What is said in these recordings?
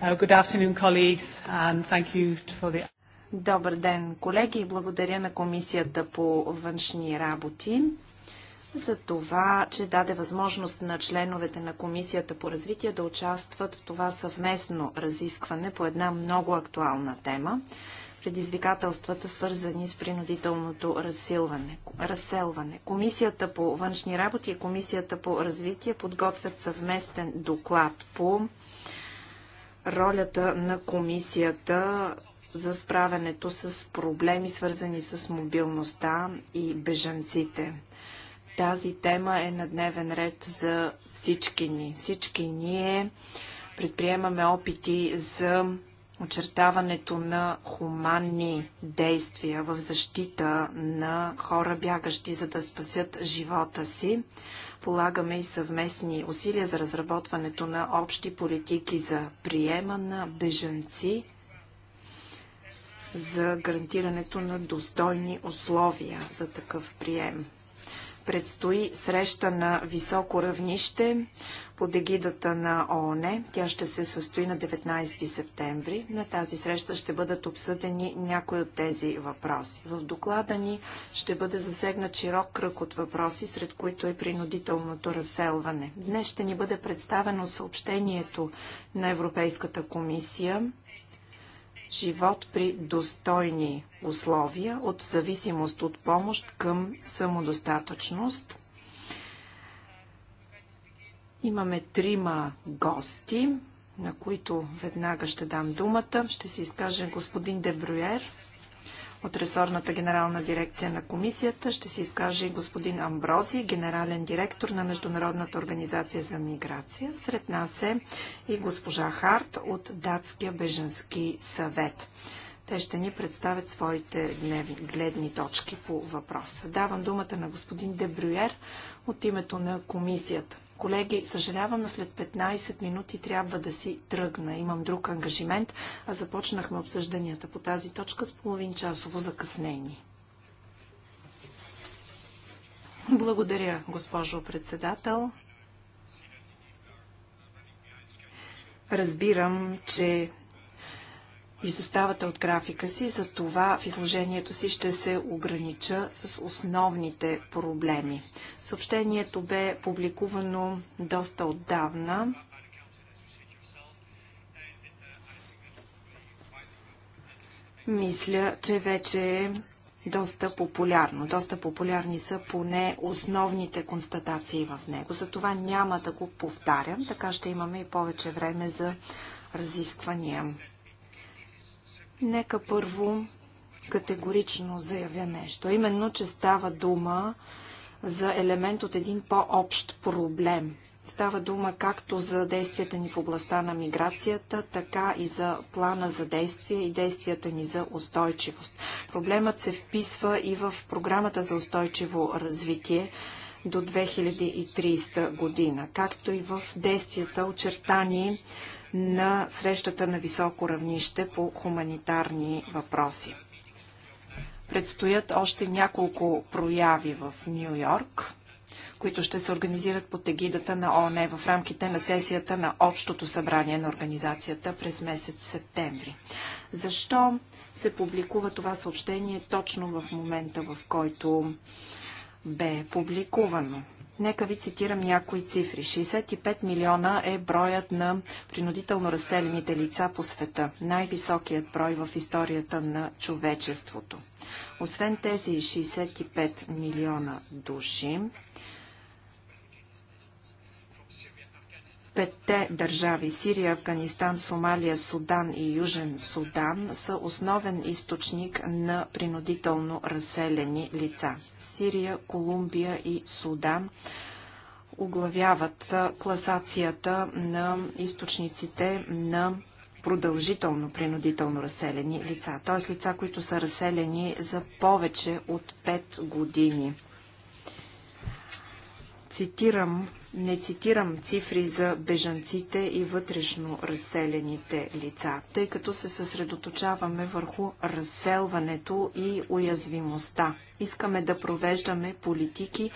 Uh, good afternoon, colleagues, and thank you for the... Добър ден, колеги, и благодаря на Комисията по външни работи за това, че даде възможност на членовете на Комисията по развитие да участват в това съвместно разискване по една много актуална тема предизвикателствата, свързани с принудителното разселване. Комисията по външни работи и Комисията по развитие подготвят съвместен доклад по ролята на комисията за справянето с проблеми, свързани с мобилността и бежанците. Тази тема е на дневен ред за всички ни. Всички ние предприемаме опити за очертаването на хуманни действия в защита на хора бягащи, за да спасят живота си. Полагаме и съвместни усилия за разработването на общи политики за приема на бежанци, за гарантирането на достойни условия за такъв прием. Предстои среща на високо равнище под егидата на ООН. Тя ще се състои на 19 септември. На тази среща ще бъдат обсъдени някои от тези въпроси. В доклада ни ще бъде засегнат широк кръг от въпроси, сред които е принудителното разселване. Днес ще ни бъде представено съобщението на Европейската комисия живот при достойни условия от зависимост от помощ към самодостатъчност. Имаме трима гости, на които веднага ще дам думата. Ще се изкаже господин Дебрюер, от ресорната генерална дирекция на комисията. Ще се изкаже и господин Амбрози, генерален директор на Международната организация за миграция. Сред нас е и госпожа Харт от Датския беженски съвет. Те ще ни представят своите гледни точки по въпроса. Давам думата на господин Дебрюер от името на комисията. Колеги, съжалявам, но след 15 минути трябва да си тръгна. Имам друг ангажимент, а започнахме обсъжданията по тази точка с половин часово закъснение. Благодаря, госпожо председател. Разбирам, че изоставате от графика си, за това в изложението си ще се огранича с основните проблеми. Съобщението бе публикувано доста отдавна. Мисля, че вече е доста популярно. Доста популярни са поне основните констатации в него. Затова няма да го повтарям, така ще имаме и повече време за разисквания. Нека първо категорично заявя нещо. Именно, че става дума за елемент от един по-общ проблем. Става дума както за действията ни в областта на миграцията, така и за плана за действие и действията ни за устойчивост. Проблемът се вписва и в програмата за устойчиво развитие до 2030 година, както и в действията очертани на срещата на високо равнище по хуманитарни въпроси. Предстоят още няколко прояви в Нью Йорк, които ще се организират под егидата на ОНЕ в рамките на сесията на Общото събрание на организацията през месец септември. Защо се публикува това съобщение точно в момента, в който бе публикувано? Нека ви цитирам някои цифри. 65 милиона е броят на принудително разселените лица по света. Най-високият брой в историята на човечеството. Освен тези 65 милиона души, Петте държави Сирия, Афганистан, Сомалия, Судан и Южен Судан са основен източник на принудително разселени лица. Сирия, Колумбия и Судан оглавяват класацията на източниците на продължително принудително разселени лица, т.е. лица, които са разселени за повече от 5 години цитирам, не цитирам цифри за бежанците и вътрешно разселените лица, тъй като се съсредоточаваме върху разселването и уязвимостта. Искаме да провеждаме политики,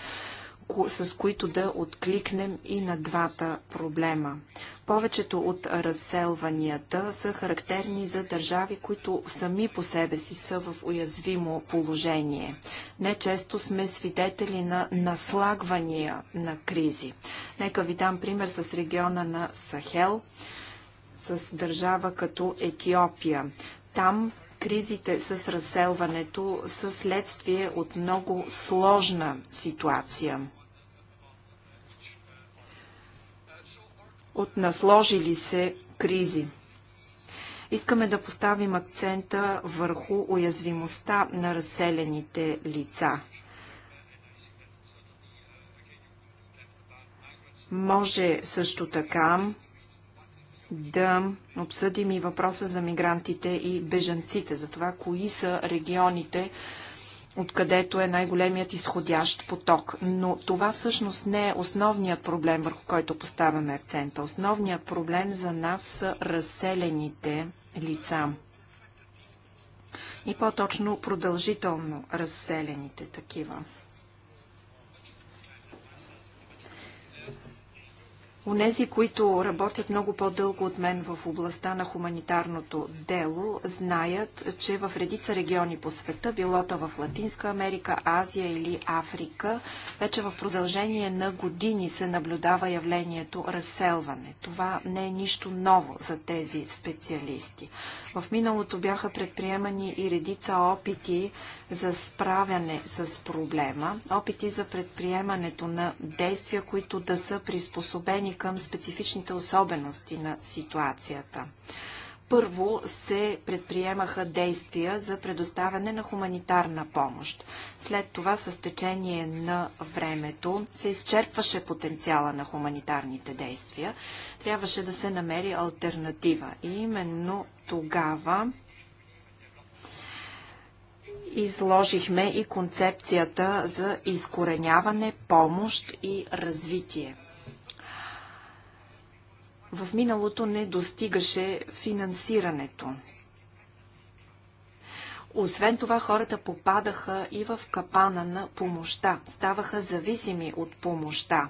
с които да откликнем и на двата проблема. Повечето от разселванията са характерни за държави, които сами по себе си са в уязвимо положение. Не често сме свидетели на наслагвания на кризи. Нека ви дам пример с региона на Сахел, с държава като Етиопия. Там кризите с разселването са следствие от много сложна ситуация. от насложили се кризи. Искаме да поставим акцента върху уязвимостта на разселените лица. Може също така да обсъдим и въпроса за мигрантите и бежанците, за това кои са регионите, откъдето е най-големият изходящ поток. Но това всъщност не е основният проблем, върху който поставяме акцента. Основният проблем за нас са разселените лица. И по-точно продължително разселените такива. Онези, които работят много по-дълго от мен в областта на хуманитарното дело, знаят, че в редица региони по света, билота в Латинска Америка, Азия или Африка, вече в продължение на години се наблюдава явлението разселване. Това не е нищо ново за тези специалисти. В миналото бяха предприемани и редица опити за справяне с проблема, опити за предприемането на действия, които да са приспособени насочени към специфичните особености на ситуацията. Първо се предприемаха действия за предоставяне на хуманитарна помощ. След това, с течение на времето, се изчерпваше потенциала на хуманитарните действия. Трябваше да се намери альтернатива. И именно тогава изложихме и концепцията за изкореняване, помощ и развитие в миналото не достигаше финансирането. Освен това, хората попадаха и в капана на помощта, ставаха зависими от помощта.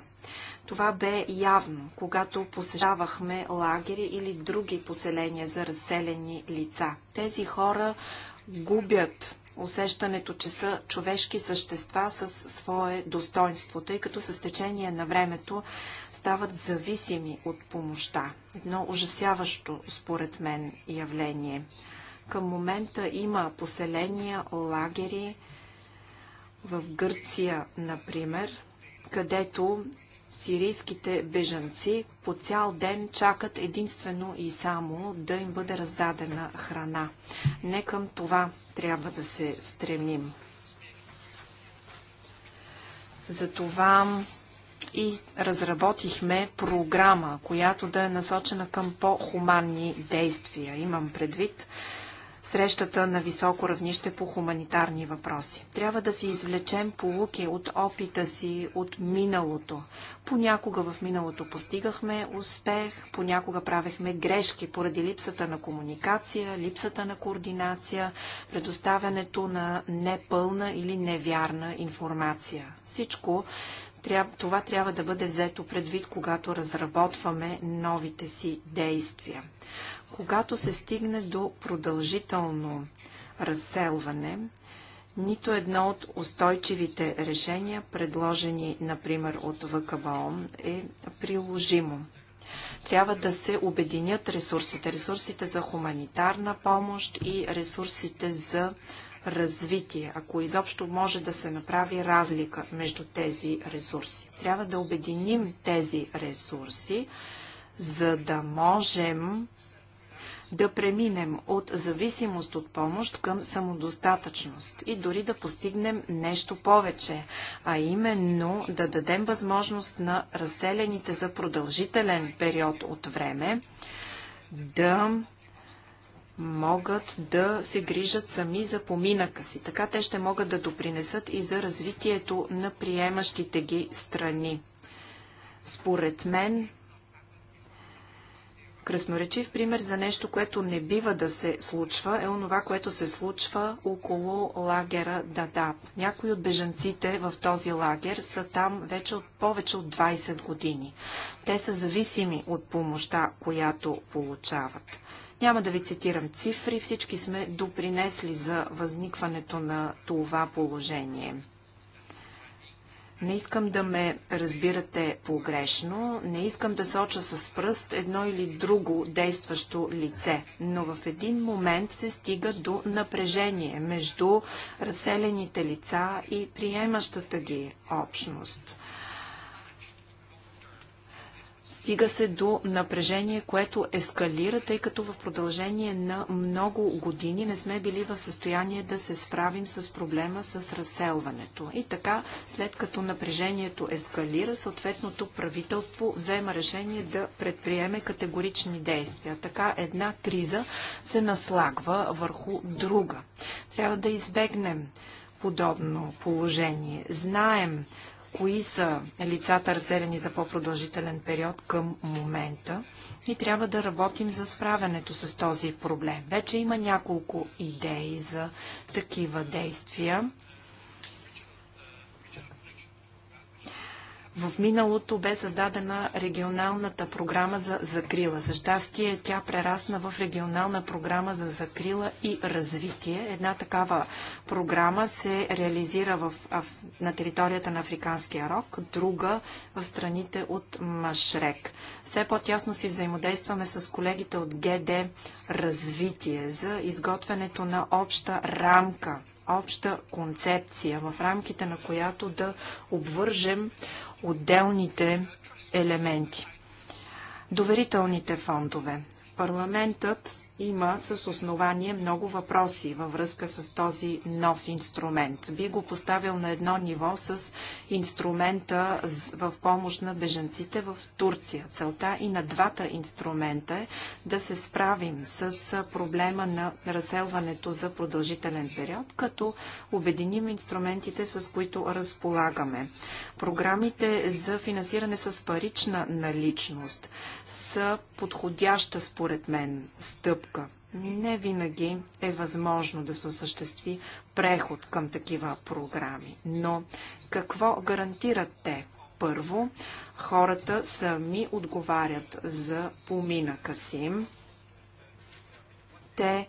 Това бе явно, когато посещавахме лагери или други поселения за разселени лица. Тези хора губят усещането, че са човешки същества с свое достоинство, тъй като с течение на времето стават зависими от помощта. Едно ужасяващо, според мен, явление. Към момента има поселения, лагери в Гърция, например, където сирийските бежанци по цял ден чакат единствено и само да им бъде раздадена храна. Не към това трябва да се стремим. Затова и разработихме програма, която да е насочена към по-хуманни действия. Имам предвид срещата на високо равнище по хуманитарни въпроси. Трябва да си извлечем полуки от опита си от миналото. Понякога в миналото постигахме успех, понякога правехме грешки поради липсата на комуникация, липсата на координация, предоставянето на непълна или невярна информация. Всичко това трябва да бъде взето предвид, когато разработваме новите си действия. Когато се стигне до продължително разселване, нито едно от устойчивите решения, предложени, например, от ВКБО, е приложимо. Трябва да се обединят ресурсите. Ресурсите за хуманитарна помощ и ресурсите за развитие, ако изобщо може да се направи разлика между тези ресурси. Трябва да обединим тези ресурси, за да можем да преминем от зависимост от помощ към самодостатъчност и дори да постигнем нещо повече, а именно да дадем възможност на разселените за продължителен период от време да могат да се грижат сами за поминъка си. Така те ще могат да допринесат и за развитието на приемащите ги страни. Според мен Кръсноречив пример за нещо, което не бива да се случва, е онова, което се случва около лагера Дадаб. Някои от бежанците в този лагер са там вече от повече от 20 години. Те са зависими от помощта, която получават. Няма да ви цитирам цифри, всички сме допринесли за възникването на това положение. Не искам да ме разбирате погрешно, не искам да соча с пръст едно или друго действащо лице, но в един момент се стига до напрежение между разселените лица и приемащата ги общност. Стига се до напрежение, което ескалира, тъй като в продължение на много години не сме били в състояние да се справим с проблема с разселването. И така, след като напрежението ескалира, съответното правителство взема решение да предприеме категорични действия. Така една криза се наслагва върху друга. Трябва да избегнем подобно положение. Знаем, кои са лицата разселени за по-продължителен период към момента и трябва да работим за справянето с този проблем. Вече има няколко идеи за такива действия. В миналото бе създадена регионалната програма за закрила. За щастие тя прерасна в регионална програма за закрила и развитие. Една такава програма се реализира в, на територията на Африканския рок, друга в страните от Машрек. Все по-тясно си взаимодействаме с колегите от ГД Развитие за изготвянето на обща рамка обща концепция, в рамките на която да обвържем отделните елементи. Доверителните фондове. Парламентът има с основание много въпроси във връзка с този нов инструмент. Би го поставил на едно ниво с инструмента в помощ на беженците в Турция. Целта и на двата инструмента е да се справим с проблема на разселването за продължителен период, като обединим инструментите, с които разполагаме. Програмите за финансиране с парична наличност са подходяща според мен стъпка стъпка. Не винаги е възможно да се осъществи преход към такива програми, но какво гарантират те? Първо, хората сами отговарят за поминъка си. Те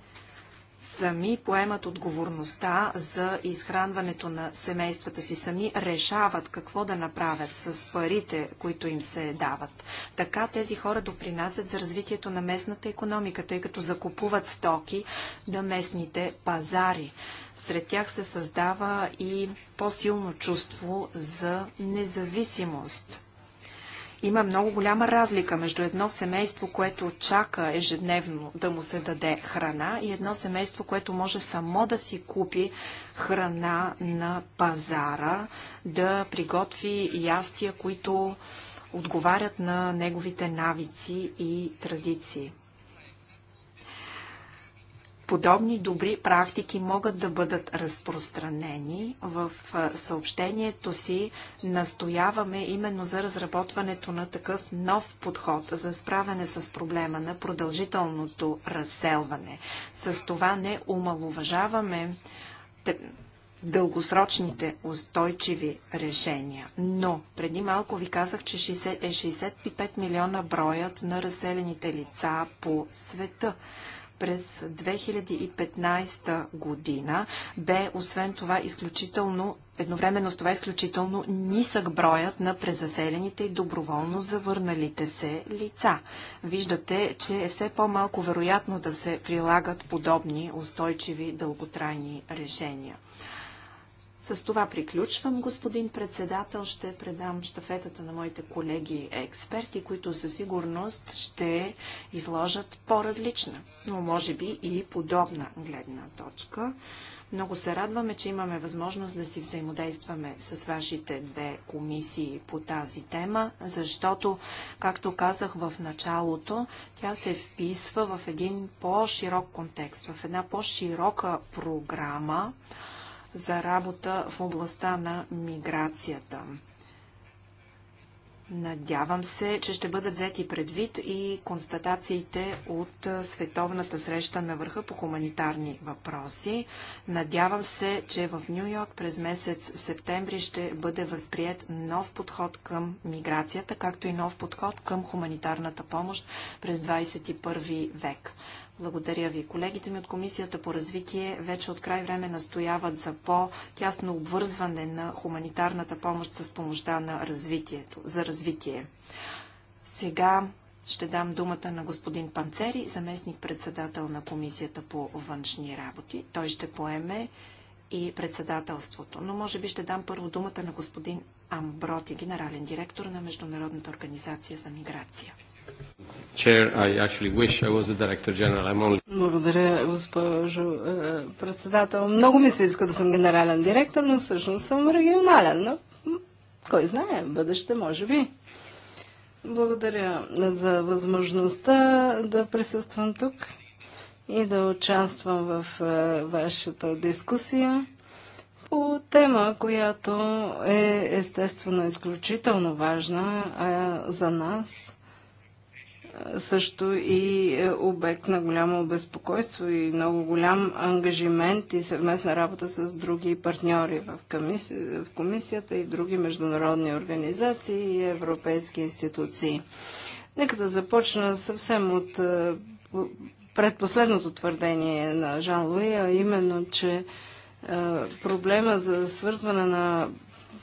сами поемат отговорността за изхранването на семействата си, сами решават какво да направят с парите, които им се дават. Така тези хора допринасят за развитието на местната економика, тъй като закупуват стоки на местните пазари. Сред тях се създава и по-силно чувство за независимост. Има много голяма разлика между едно семейство, което чака ежедневно да му се даде храна и едно семейство, което може само да си купи храна на пазара, да приготви ястия, които отговарят на неговите навици и традиции подобни добри практики могат да бъдат разпространени. В съобщението си настояваме именно за разработването на такъв нов подход за справяне с проблема на продължителното разселване. С това не омалуважаваме дългосрочните устойчиви решения. Но преди малко ви казах, че 60, е 65 милиона броят на разселените лица по света през 2015 година бе освен това изключително едновременно с това изключително нисък броят на презаселените и доброволно завърналите се лица. Виждате, че е все по-малко вероятно да се прилагат подобни устойчиви дълготрайни решения. С това приключвам, господин председател. Ще предам штафетата на моите колеги експерти, които със сигурност ще изложат по-различна, но може би и подобна гледна точка. Много се радваме, че имаме възможност да си взаимодействаме с вашите две комисии по тази тема, защото, както казах в началото, тя се вписва в един по-широк контекст, в една по-широка програма, за работа в областта на миграцията. Надявам се, че ще бъдат взети предвид и констатациите от Световната среща на върха по хуманитарни въпроси. Надявам се, че в Нью Йорк през месец септември ще бъде възприят нов подход към миграцията, както и нов подход към хуманитарната помощ през 21 век. Благодаря ви. Колегите ми от Комисията по развитие вече от край време настояват за по-тясно обвързване на хуманитарната помощ с помощта на развитието, за развитие. Сега ще дам думата на господин Панцери, заместник-председател на Комисията по външни работи. Той ще поеме и председателството. Но може би ще дам първо думата на господин Амброти, генерален директор на Международната организация за миграция. Благодаря, госпожо е, председател. Много ми се иска да съм генерален директор, но всъщност съм регионален. Но кой знае, бъдеще може би. Благодаря за възможността да присъствам тук и да участвам в е, вашата дискусия по тема, която е естествено изключително важна а за нас – също и е, обект на голямо безпокойство и много голям ангажимент и съвместна работа с други партньори в, комиси... в комисията и други международни организации и европейски институции. Нека да започна съвсем от е, предпоследното твърдение на Жан Луи, а именно, че е, проблема за свързване на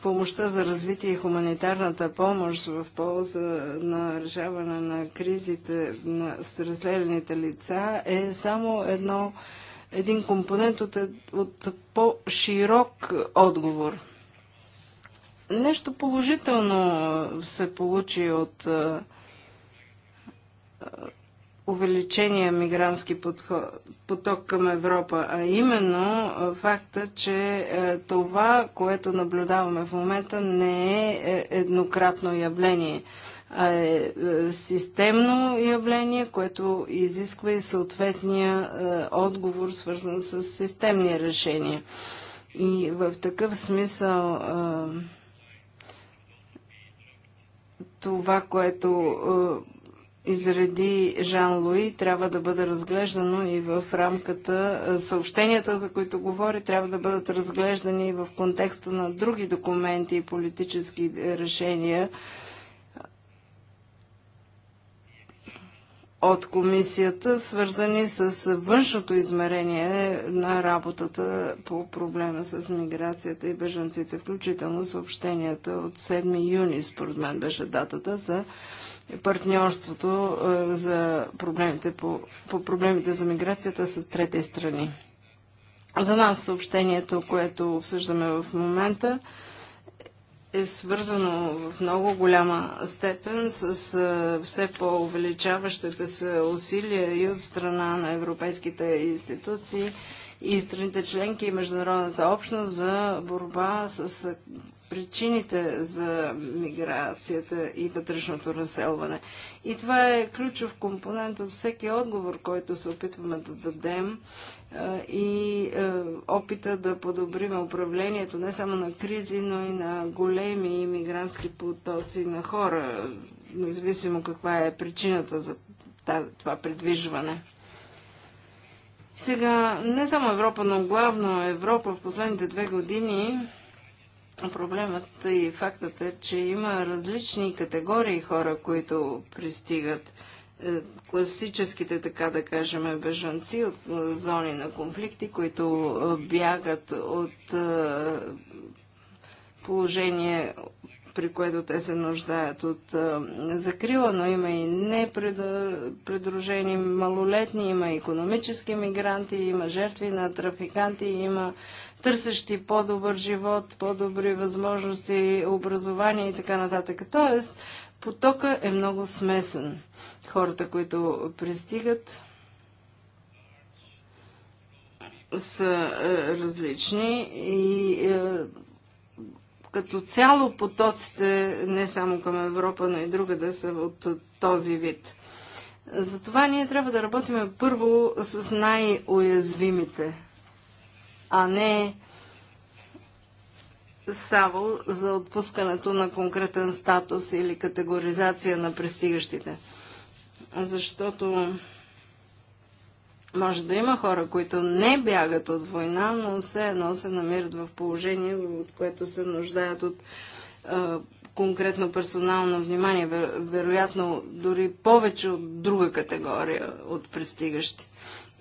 помощта за развитие и хуманитарната помощ в полза на решаване на кризите на разлелените лица е само едно, един компонент от, от по-широк отговор. Нещо положително се получи от увеличения мигрантски поток към Европа, а именно факта, че е, това, което наблюдаваме в момента, не е, е еднократно явление, а е, е системно явление, което изисква и съответния отговор, свързан с системни решения. И в такъв смисъл това, което изреди Жан Луи, трябва да бъде разглеждано и в рамката. Съобщенията, за които говори, трябва да бъдат разглеждани и в контекста на други документи и политически е, решения от комисията, свързани с външното измерение на работата по проблема с миграцията и бежанците, включително съобщенията от 7 юни, според мен беше датата за партньорството е, за проблемите по, по проблемите за миграцията с трети страни. За нас съобщението, което обсъждаме в момента, е свързано в много голяма степен с е, все по-увеличаващите се усилия и от страна на европейските институции и страните членки и международната общност за борба с причините за миграцията и вътрешното разселване. И това е ключов компонент от всеки отговор, който се опитваме да дадем и опита да подобрим управлението не само на кризи, но и на големи мигрантски потоци на хора, независимо каква е причината за това предвижване. Сега, не само Европа, но главно Европа в последните две години Проблемът и фактът е, че има различни категории хора, които пристигат. Е, класическите, така да кажем, бежанци от е, зони на конфликти, които е, бягат от положение, при което те се нуждаят от закрила, но има и непредружени малолетни, има економически мигранти, има жертви на трафиканти, има търсещи по-добър живот, по-добри възможности, образование и така нататък. Тоест, потока е много смесен. Хората, които пристигат, са е, различни и е, като цяло потоците не само към Европа, но и другаде са от този вид. Затова ние трябва да работим първо с най-уязвимите а не само за отпускането на конкретен статус или категоризация на пристигащите. Защото може да има хора, които не бягат от война, но все едно се намират в положение, от което се нуждаят от е, конкретно персонално внимание, вероятно дори повече от друга категория от пристигащи.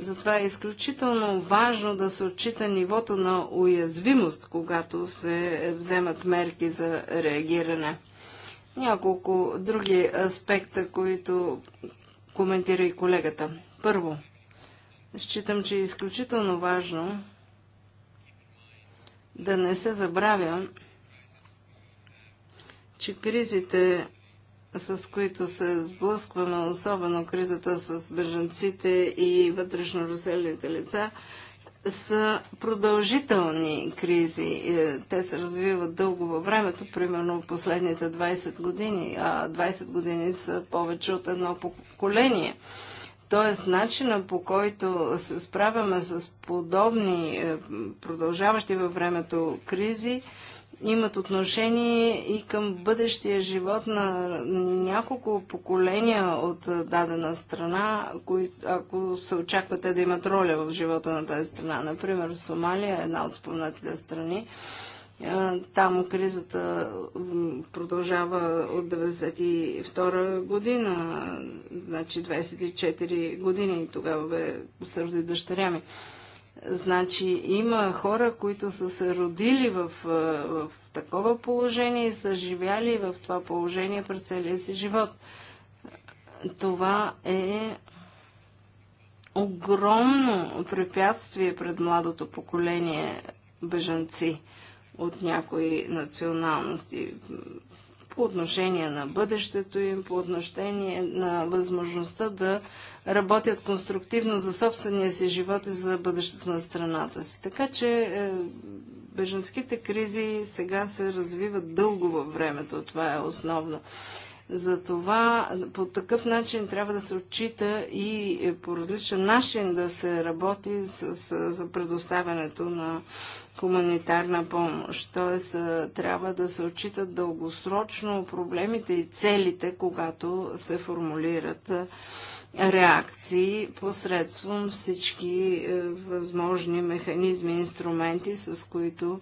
Затова е изключително важно да се отчита нивото на уязвимост, когато се вземат мерки за реагиране. Няколко други аспекта, които коментира и колегата. Първо, считам, че е изключително важно да не се забравя, че кризите с които се сблъскваме, особено кризата с бежанците и вътрешно разселените лица, са продължителни кризи. Е, те се развиват дълго във времето, примерно последните 20 години, а 20 години са повече от едно поколение. Тоест, начина по който се справяме с подобни е, продължаващи във времето кризи, имат отношение и към бъдещия живот на няколко поколения от е, дадена страна, които ако се очаквате да имат роля в живота на тази страна. Например, Сомалия е една от спомнатите страни. Там кризата продължава от 1992 година, значи 24 години тогава бе сърди дъщеря ми. Значи има хора, които са се родили в, в такова положение и са живяли в това положение през целия си живот. Това е огромно препятствие пред младото поколение бежанци от някои националности по отношение на бъдещето им, по отношение на възможността да работят конструктивно за собствения си живот и за бъдещето на страната си. Така че е, беженските кризи сега се развиват дълго във времето. Това е основно. Затова по такъв начин трябва да се отчита и по различен начин да се работи с, с, за предоставянето на хуманитарна помощ. Тоест трябва да се отчитат дългосрочно проблемите и целите, когато се формулират реакции посредством всички е, възможни механизми, инструменти, с които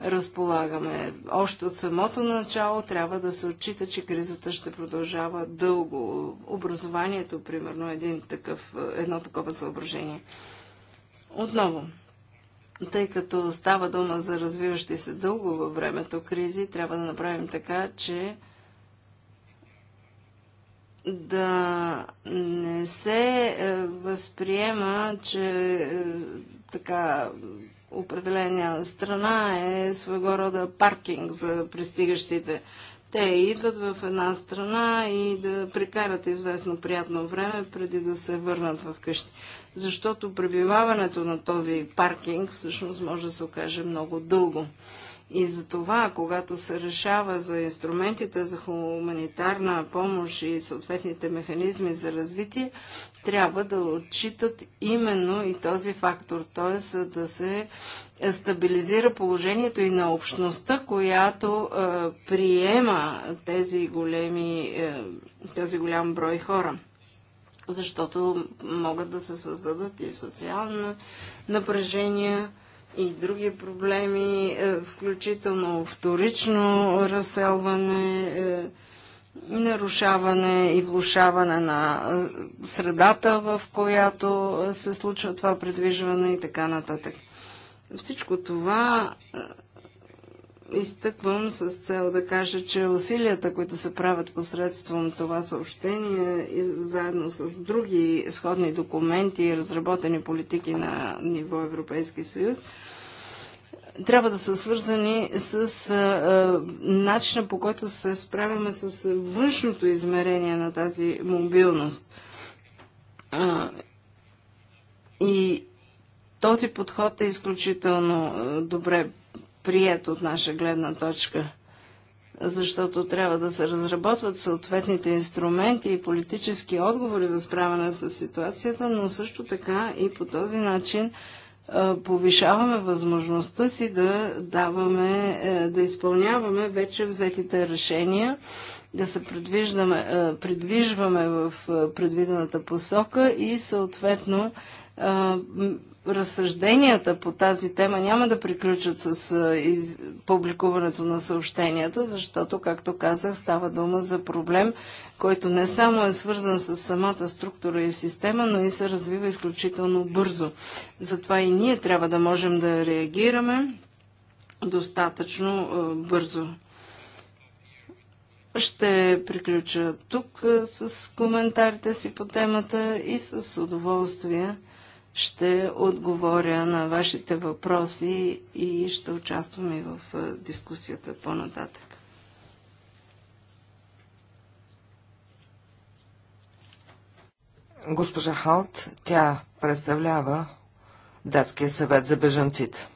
разполагаме. Още от самото начало трябва да се отчита, че кризата ще продължава дълго. Образованието, примерно, е един такъв, е, едно такова съображение. Отново, тъй като става дума за развиващи се дълго във времето кризи, трябва да направим така, че да не се е, възприема, че е, така Определения страна е своего рода паркинг за пристигащите. Те идват в една страна и да прекарат известно приятно време преди да се върнат в къщи. Защото пребиваването на този паркинг всъщност може да се окаже много дълго. И за това, когато се решава за инструментите за хуманитарна помощ и съответните механизми за развитие, трябва да отчитат именно и този фактор, т.е. да се стабилизира положението и на общността, която е, приема тези големи, е, този голям брой хора. Защото могат да се създадат и социални напрежения, и други проблеми, е, включително вторично разселване, е, нарушаване и влушаване на е, средата, в която се случва това предвижване и така нататък. Всичко това изтъквам с цел да кажа, че усилията, които се правят посредством това съобщение и заедно с други сходни документи и разработени политики на ниво Европейски съюз, трябва да са свързани с а, а, начина по който се справяме с външното измерение на тази мобилност. А, и този подход е изключително добре прият от наша гледна точка, защото трябва да се разработват съответните инструменти и политически отговори за справяне с ситуацията, но също така и по този начин повишаваме възможността си да даваме, е, да изпълняваме вече взетите решения, да се е, придвижваме в е, предвидената посока и съответно разсъжденията по тази тема няма да приключат с публикуването на съобщенията, защото, както казах, става дума за проблем, който не само е свързан с самата структура и система, но и се развива изключително бързо. Затова и ние трябва да можем да реагираме достатъчно бързо. Ще приключа тук с коментарите си по темата и с удоволствие ще отговоря на вашите въпроси и ще участвам и в дискусията по-нататък. Госпожа Халт, тя представлява Датския съвет за бежанците.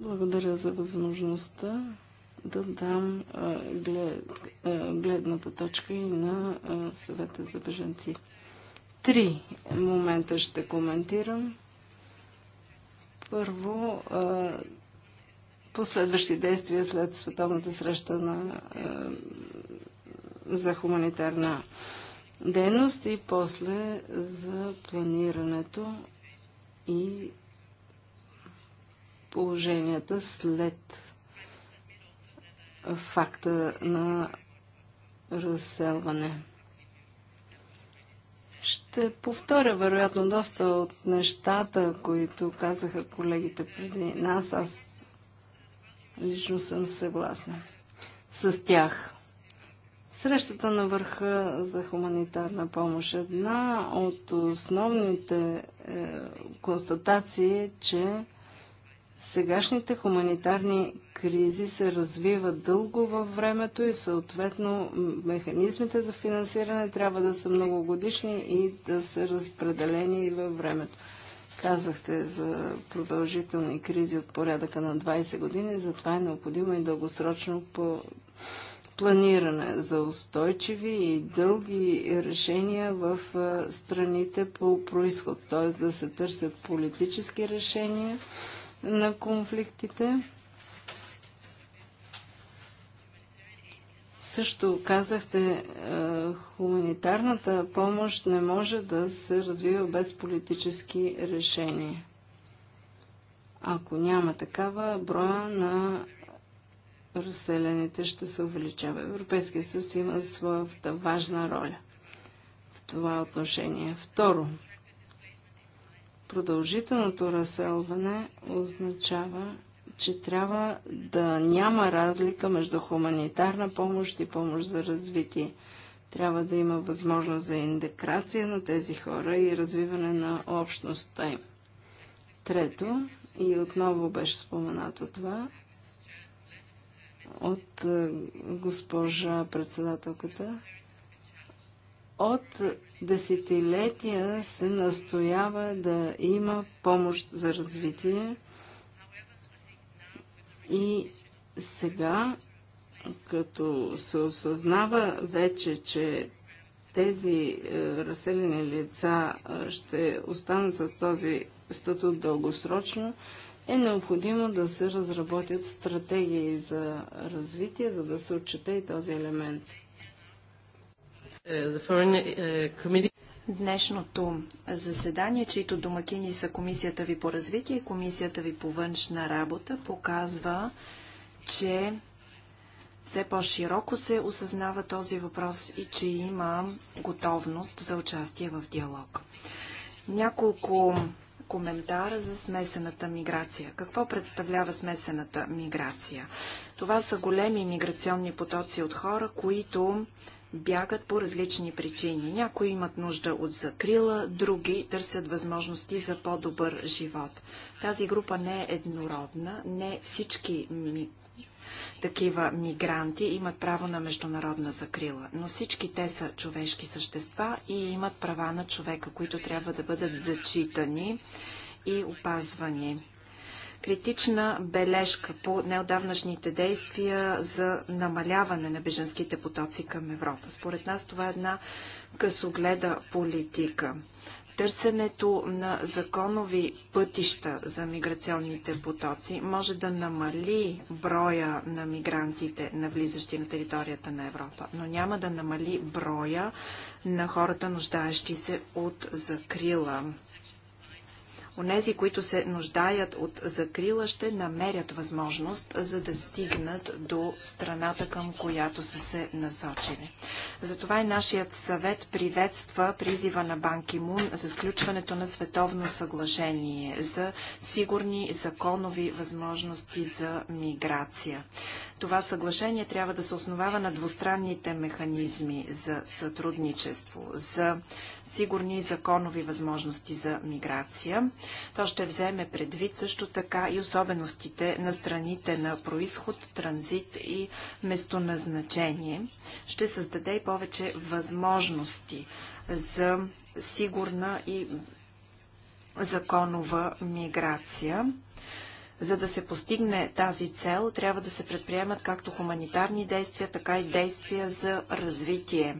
Благодаря за възможността да дам глед, гледната точка и на съвета за бежанци. Три момента ще коментирам. Първо, последващи действия след световната среща на, за хуманитарна дейност и после за планирането и положенията след факта на разселване. Ще повторя, вероятно, доста от нещата, които казаха колегите преди нас. Аз лично съм съгласна с тях. Срещата на върха за хуманитарна помощ. Една от основните е, констатации е, че Сегашните хуманитарни кризи се развиват дълго във времето и съответно механизмите за финансиране трябва да са многогодишни и да са разпределени във времето. Казахте за продължителни кризи от порядъка на 20 години, затова е необходимо и дългосрочно по планиране за устойчиви и дълги решения в страните по происход, т.е. да се търсят политически решения на конфликтите. Също казахте, е, хуманитарната помощ не може да се развива без политически решения. Ако няма такава, броя на разселените ще се увеличава. Европейския съюз има своята важна роля в това отношение. Второ, Продължителното разселване означава, че трябва да няма разлика между хуманитарна помощ и помощ за развитие. Трябва да има възможност за индекрация на тези хора и развиване на общността им. Трето, и отново беше споменато това, от е, госпожа председателката, от десетилетия се настоява да има помощ за развитие и сега, като се осъзнава вече, че тези е, разселени лица е, ще останат с този статут дългосрочно, е необходимо да се разработят стратегии за развитие, за да се отчете и този елемент. Днешното заседание, чието домакини са Комисията ви по развитие и Комисията ви по външна работа, показва, че все по-широко се осъзнава този въпрос и че има готовност за участие в диалог. Няколко коментара за смесената миграция. Какво представлява смесената миграция? Това са големи миграционни потоци от хора, които бягат по различни причини. Някои имат нужда от закрила, други търсят възможности за по-добър живот. Тази група не е еднородна, не всички ми... такива мигранти имат право на международна закрила, но всички те са човешки същества и имат права на човека, които трябва да бъдат зачитани и опазвани критична бележка по неодавнашните действия за намаляване на беженските потоци към Европа. Според нас това е една късогледа политика. Търсенето на законови пътища за миграционните потоци може да намали броя на мигрантите, навлизащи на територията на Европа, но няма да намали броя на хората, нуждаещи се от закрила. Онези, които се нуждаят от закрила, ще намерят възможност, за да стигнат до страната, към която са се насочили. Затова и нашият съвет приветства призива на Банки Мун за сключването на световно съглашение за сигурни законови възможности за миграция. Това съглашение трябва да се основава на двустранните механизми за сътрудничество, за сигурни законови възможности за миграция. То ще вземе предвид също така и особеностите на страните на происход, транзит и местоназначение. Ще създаде и повече възможности за сигурна и законова миграция. За да се постигне тази цел, трябва да се предприемат както хуманитарни действия, така и действия за развитие.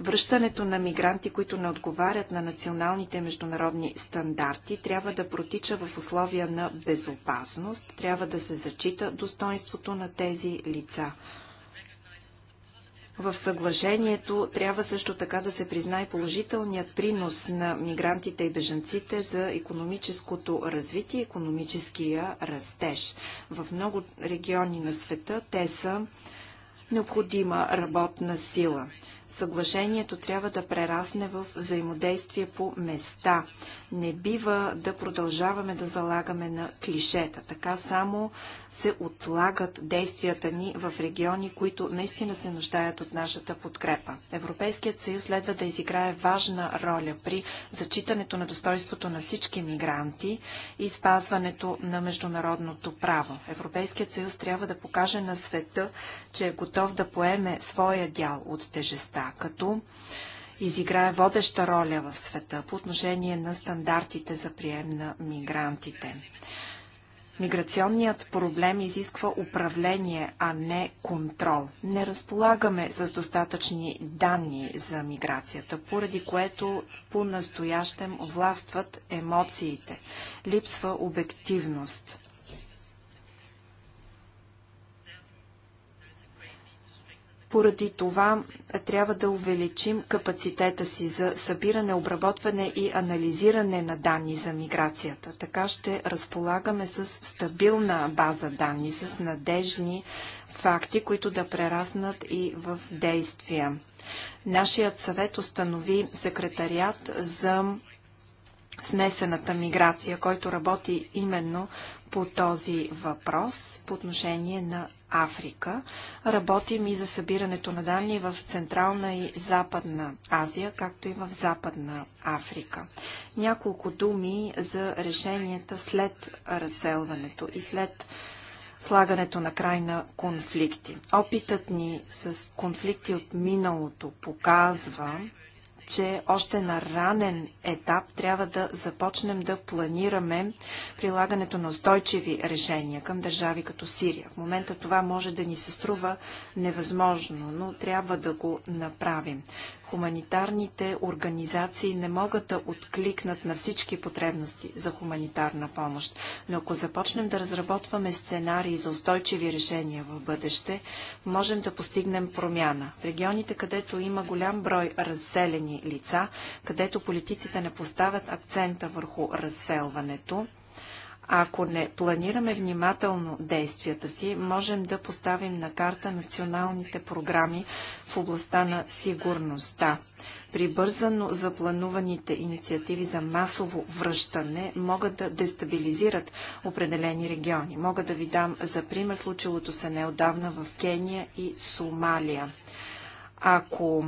Връщането на мигранти, които не отговарят на националните международни стандарти, трябва да протича в условия на безопасност, трябва да се зачита достоинството на тези лица. В съглашението трябва също така да се признае положителният принос на мигрантите и бежанците за економическото развитие, економическия растеж. В много региони на света те са необходима работна сила съглашението трябва да прерасне в взаимодействие по места. Не бива да продължаваме да залагаме на клишета. Така само се отлагат действията ни в региони, които наистина се нуждаят от нашата подкрепа. Европейският съюз следва да изиграе важна роля при зачитането на достоинството на всички мигранти и спазването на международното право. Европейският съюз трябва да покаже на света, че е готов да поеме своя дял от тежеста, като изиграе водеща роля в света по отношение на стандартите за прием на мигрантите. Миграционният проблем изисква управление, а не контрол. Не разполагаме с достатъчни данни за миграцията, поради което по-настоящем властват емоциите. Липсва обективност. Поради това трябва да увеличим капацитета си за събиране, обработване и анализиране на данни за миграцията. Така ще разполагаме с стабилна база данни, с надежни факти, които да прераснат и в действия. Нашият съвет установи секретариат за смесената миграция, който работи именно по този въпрос по отношение на Африка. Работим и за събирането на данни в Централна и Западна Азия, както и в Западна Африка. Няколко думи за решенията след разселването и след слагането на край на конфликти. Опитът ни с конфликти от миналото показва, че още на ранен етап трябва да започнем да планираме прилагането на устойчиви решения към държави като Сирия. В момента това може да ни се струва невъзможно, но трябва да го направим хуманитарните организации не могат да откликнат на всички потребности за хуманитарна помощ. Но ако започнем да разработваме сценарии за устойчиви решения в бъдеще, можем да постигнем промяна. В регионите, където има голям брой разселени лица, където политиците не поставят акцента върху разселването, ако не планираме внимателно действията си, можем да поставим на карта националните програми в областта на сигурността. Прибързано заплануваните инициативи за масово връщане могат да дестабилизират определени региони. Мога да ви дам за пример случилото се неодавна в Кения и Сомалия. Ако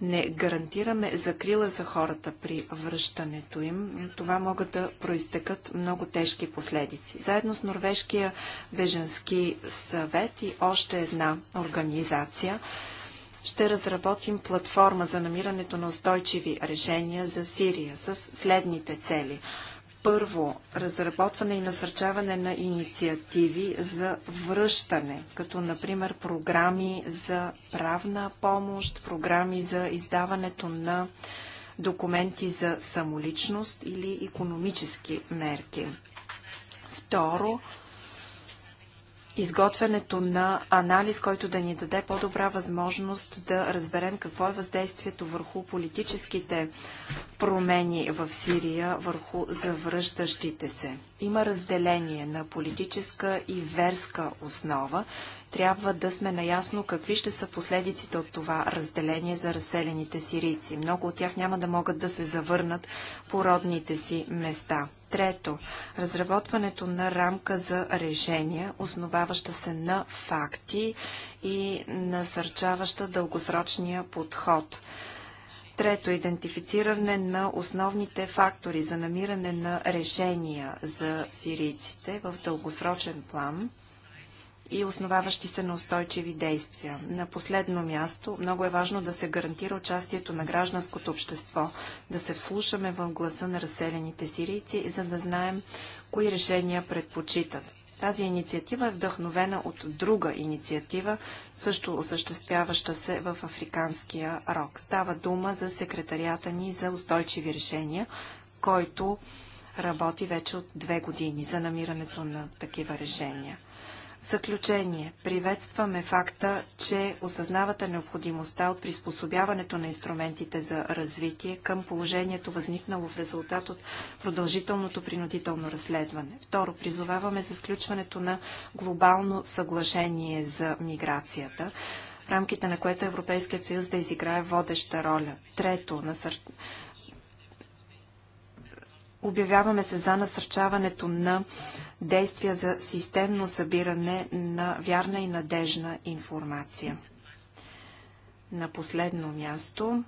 не гарантираме закрила за хората при връщането им, това могат да произтекат много тежки последици. Заедно с Норвежкия беженски съвет и още една организация ще разработим платформа за намирането на устойчиви решения за Сирия с следните цели – първо, разработване и насърчаване на инициативи за връщане, като например програми за правна помощ, програми за издаването на документи за самоличност или економически мерки. Второ, изготвянето на анализ, който да ни даде по-добра възможност да разберем какво е въздействието върху политическите промени в Сирия, върху завръщащите се. Има разделение на политическа и верска основа. Трябва да сме наясно какви ще са последиците от това разделение за разселените сирийци. Много от тях няма да могат да се завърнат по родните си места. Трето, разработването на рамка за решения, основаваща се на факти и насърчаваща дългосрочния подход. Трето, идентифициране на основните фактори за намиране на решения за сирийците в дългосрочен план – и основаващи се на устойчиви действия. На последно място, много е важно да се гарантира участието на гражданското общество, да се вслушаме в гласа на разселените сирийци, за да знаем кои решения предпочитат. Тази инициатива е вдъхновена от друга инициатива, също осъществяваща се в Африканския рок. Става дума за секретарията ни за устойчиви решения, който работи вече от две години за намирането на такива решения. Съключение Приветстваме факта, че осъзнавате необходимостта от приспособяването на инструментите за развитие към положението възникнало в резултат от продължителното принудително разследване. Второ, призоваваме за сключването на глобално съглашение за миграцията в рамките на което Европейският съюз да изиграе водеща роля. Трето, насър... Обявяваме се за насърчаването на действия за системно събиране на вярна и надежна информация. На последно място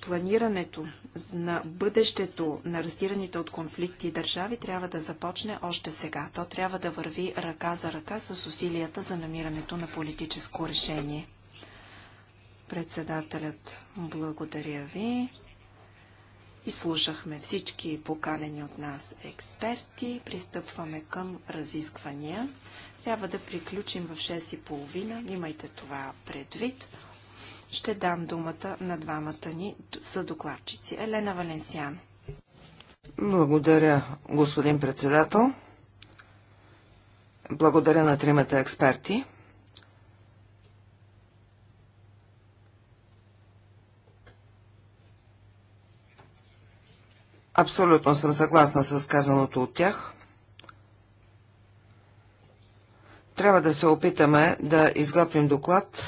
планирането на бъдещето на раздираните от конфликти държави трябва да започне още сега. То трябва да върви ръка за ръка с усилията за намирането на политическо решение. Председателят, благодаря ви. Изслушахме всички поканени от нас експерти. Пристъпваме към разисквания. Трябва да приключим в 6.30. Имайте това предвид. Ще дам думата на двамата ни съдокладчици. Елена Валенсиан. Благодаря, господин председател. Благодаря на тримата експерти. Абсолютно съм съгласна с казаното от тях. Трябва да се опитаме да изготвим доклад,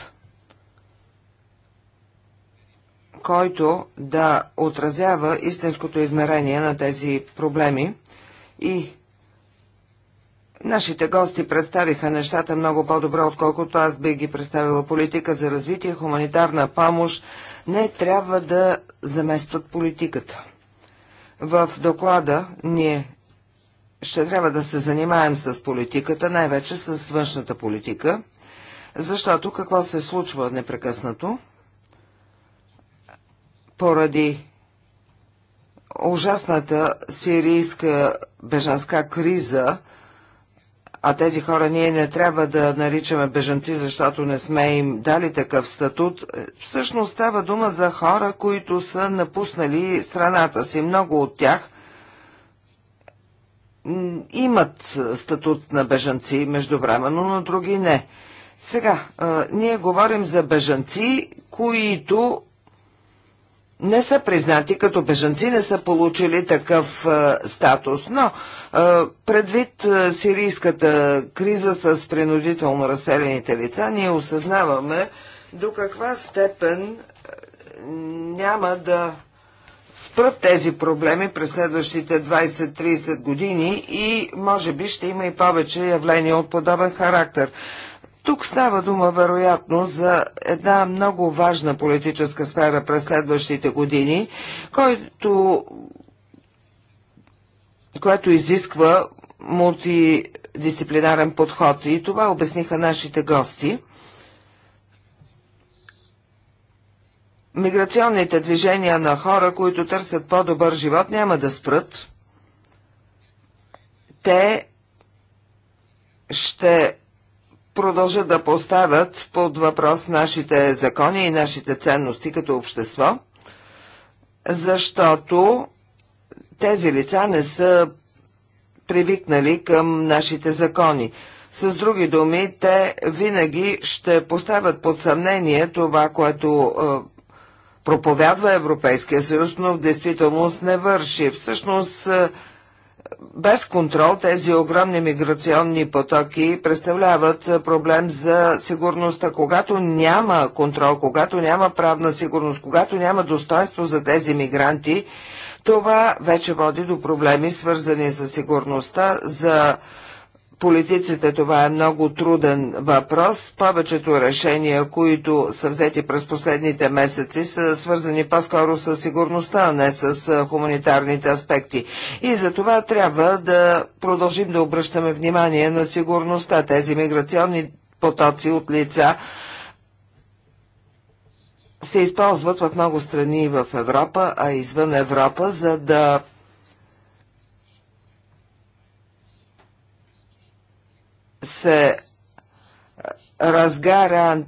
който да отразява истинското измерение на тези проблеми и Нашите гости представиха нещата много по-добре, отколкото аз би ги представила политика за развитие, хуманитарна помощ. Не трябва да заместват политиката. В доклада ние ще трябва да се занимаем с политиката, най-вече с външната политика, защото какво се случва непрекъснато? Поради ужасната сирийска бежанска криза – а тези хора ние не трябва да наричаме бежанци, защото не сме им дали такъв статут. Е, всъщност става дума за хора, които са напуснали страната си. Много от тях имат статут на бежанци междувременно, но други не. Сега, е, ние говорим за бежанци, които не са признати като бежанци, не са получили такъв е, статус, но Предвид сирийската криза с принудително разселените лица, ние осъзнаваме до каква степен няма да спрат тези проблеми през следващите 20-30 години и може би ще има и повече явления от подобен характер. Тук става дума вероятно за една много важна политическа сфера през следващите години, който което изисква мултидисциплинарен подход. И това обясниха нашите гости. Миграционните движения на хора, които търсят по-добър живот, няма да спрат. Те ще продължат да поставят под въпрос нашите закони и нашите ценности като общество, защото тези лица не са привикнали към нашите закони. С други думи, те винаги ще поставят под съмнение това, което е, проповядва Европейския съюз, но в действителност не върши. Всъщност, е, без контрол тези огромни миграционни потоки представляват е, проблем за сигурността. Когато няма контрол, когато няма правна сигурност, когато няма достоинство за тези мигранти, това вече води до проблеми, свързани с сигурността, за политиците това е много труден въпрос. Повечето решения, които са взети през последните месеци, са свързани по-скоро с сигурността, а не с хуманитарните аспекти. И за това трябва да продължим да обръщаме внимание на сигурността. Тези миграционни потоци от лица, се използват в много страни в Европа, а извън Европа, за да се разгаря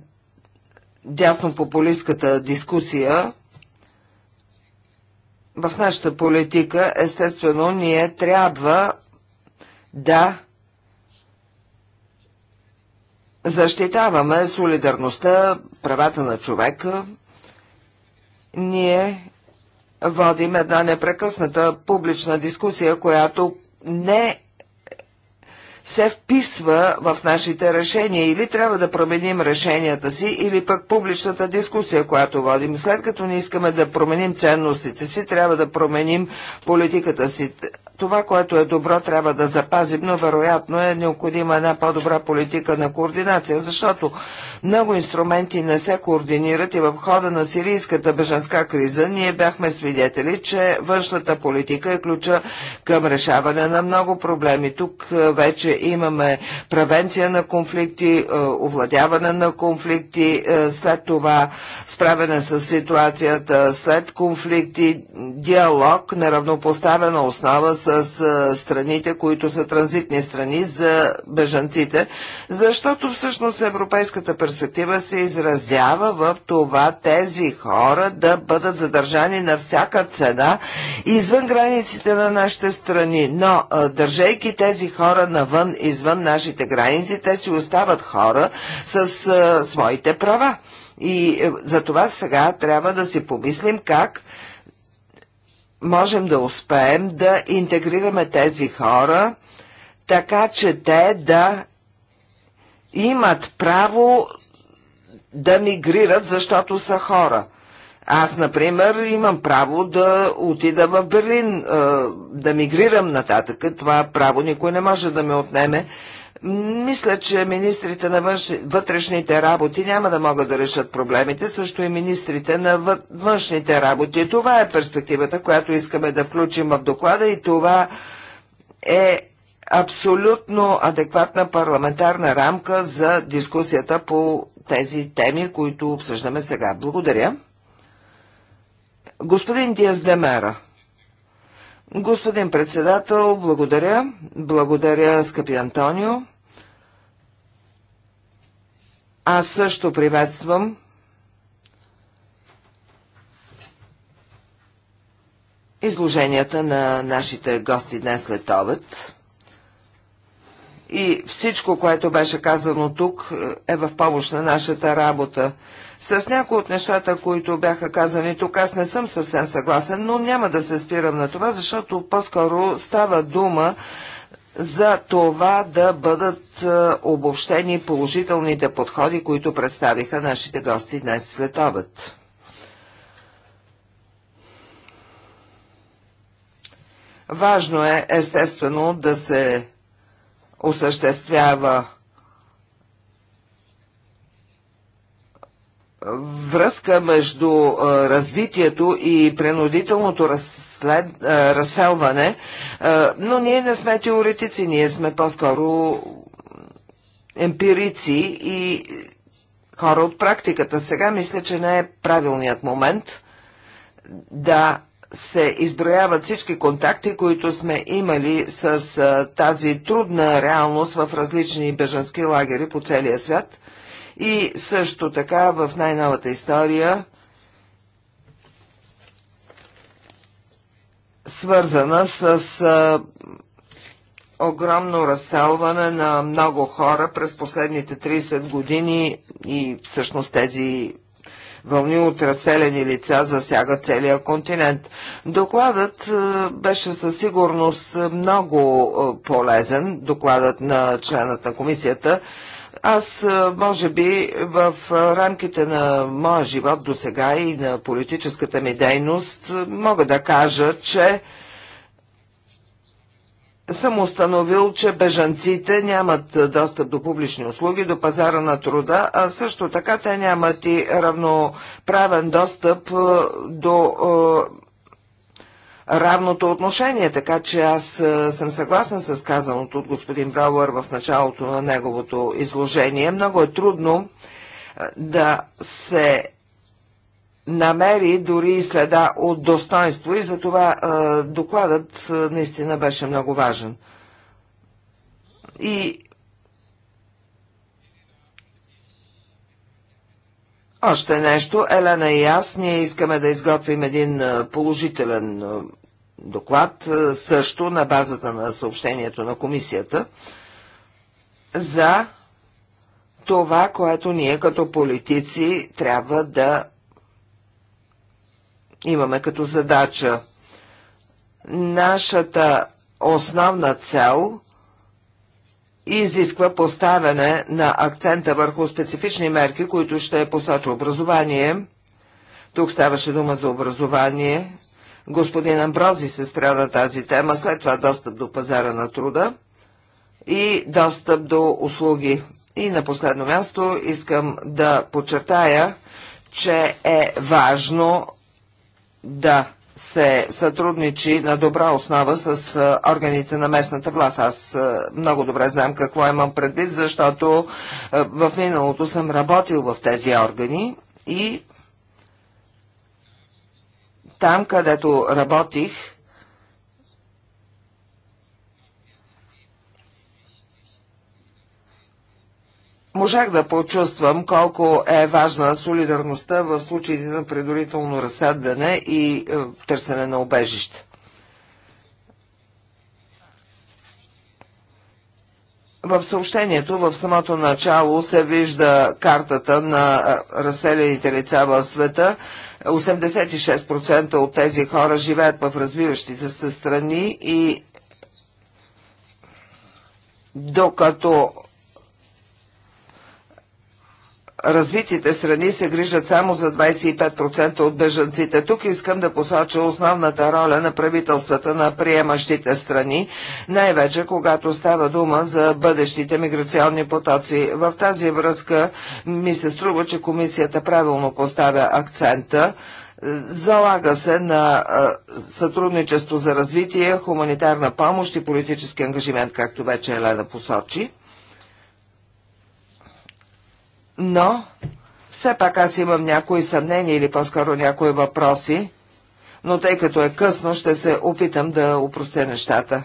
дяснопопулистската дискусия в нашата политика, естествено, ние трябва да защитаваме солидарността, правата на човека – ние водим една непрекъсната публична дискусия, която не се вписва в нашите решения или трябва да променим решенията си, или пък публичната дискусия, която водим. След като не искаме да променим ценностите си, трябва да променим политиката си това, което е добро, трябва да запазим, но вероятно е необходима една по-добра политика на координация, защото много инструменти не се координират и в хода на сирийската беженска криза ние бяхме свидетели, че външната политика е ключа към решаване на много проблеми. Тук е, вече имаме превенция на конфликти, е, овладяване на конфликти, е, след това справяне с ситуацията, след конфликти, диалог на равнопоставена основа с с страните, които са транзитни страни за бежанците, защото всъщност европейската перспектива се изразява в това тези хора да бъдат задържани на всяка цена извън границите на нашите страни. Но държейки тези хора навън, извън нашите граници, те си остават хора с своите права. И е, за това сега трябва да си помислим как можем да успеем да интегрираме тези хора, така че те да имат право да мигрират, защото са хора. Аз, например, имам право да отида в Берлин, да мигрирам нататък. Това право никой не може да ме отнеме. Мисля, че министрите на вътрешните работи няма да могат да решат проблемите, също и министрите на външните работи. Това е перспективата, която искаме да включим в доклада и това е абсолютно адекватна парламентарна рамка за дискусията по тези теми, които обсъждаме сега. Благодаря. Господин Диас Демера. Господин председател, благодаря. Благодаря, скъпи Антонио. Аз също приветствам изложенията на нашите гости днес след обед. И всичко, което беше казано тук, е в помощ на нашата работа. С някои от нещата, които бяха казани тук, аз не съм съвсем съгласен, но няма да се спирам на това, защото по-скоро става дума за това да бъдат е, обобщени положителните подходи, които представиха нашите гости днес след обед. Важно е, естествено, да се осъществява връзка между развитието и принудителното разслед, разселване, но ние не сме теоретици, ние сме по-скоро емпирици и хора от практиката. Сега мисля, че не е правилният момент да се изброяват всички контакти, които сме имали с тази трудна реалност в различни беженски лагери по целия свят – и също така в най-новата история, свързана с огромно разселване на много хора през последните 30 години и всъщност тези вълни от разселени лица засяга целия континент. Докладът беше със сигурност много полезен, докладът на членът на комисията, аз, може би, в рамките на моя живот до сега и на политическата ми дейност, мога да кажа, че съм установил, че бежанците нямат достъп до публични услуги, до пазара на труда, а също така те нямат и равноправен достъп до равното отношение, така че аз съм съгласен с казаното от господин Брауър в началото на неговото изложение. Много е трудно да се намери дори и следа от достоинство и за е, докладът е, наистина беше много важен. И още нещо, Елена и аз, ние искаме да изготвим един положителен доклад, е, също на базата на съобщението на комисията, за това, което ние като политици трябва да имаме като задача. Нашата основна цел изисква поставяне на акцента върху специфични мерки, които ще посоча образование. Тук ставаше дума за образование, господин Амбрози се страда тази тема, след това достъп до пазара на труда и достъп до услуги. И на последно място искам да подчертая, че е важно да се сътрудничи на добра основа с органите на местната власт. Аз много добре знам какво имам предвид, защото в миналото съм работил в тези органи и там, където работих, Можах да почувствам колко е важна солидарността в случаите на предварително разсадване и е, търсене на убежище. В съобщението в самото начало се вижда картата на разселените лица в света. 86% от тези хора живеят в развиващите се страни и докато развитите страни се грижат само за 25% от бежанците. Тук искам да посоча основната роля на правителствата на приемащите страни, най-вече когато става дума за бъдещите миграционни потоци. В тази връзка ми се струва, че комисията правилно поставя акцента залага се на сътрудничество за развитие, хуманитарна помощ и политически ангажимент, както вече Елена посочи но все пак аз имам някои съмнения или по-скоро някои въпроси, но тъй като е късно, ще се опитам да упростя нещата.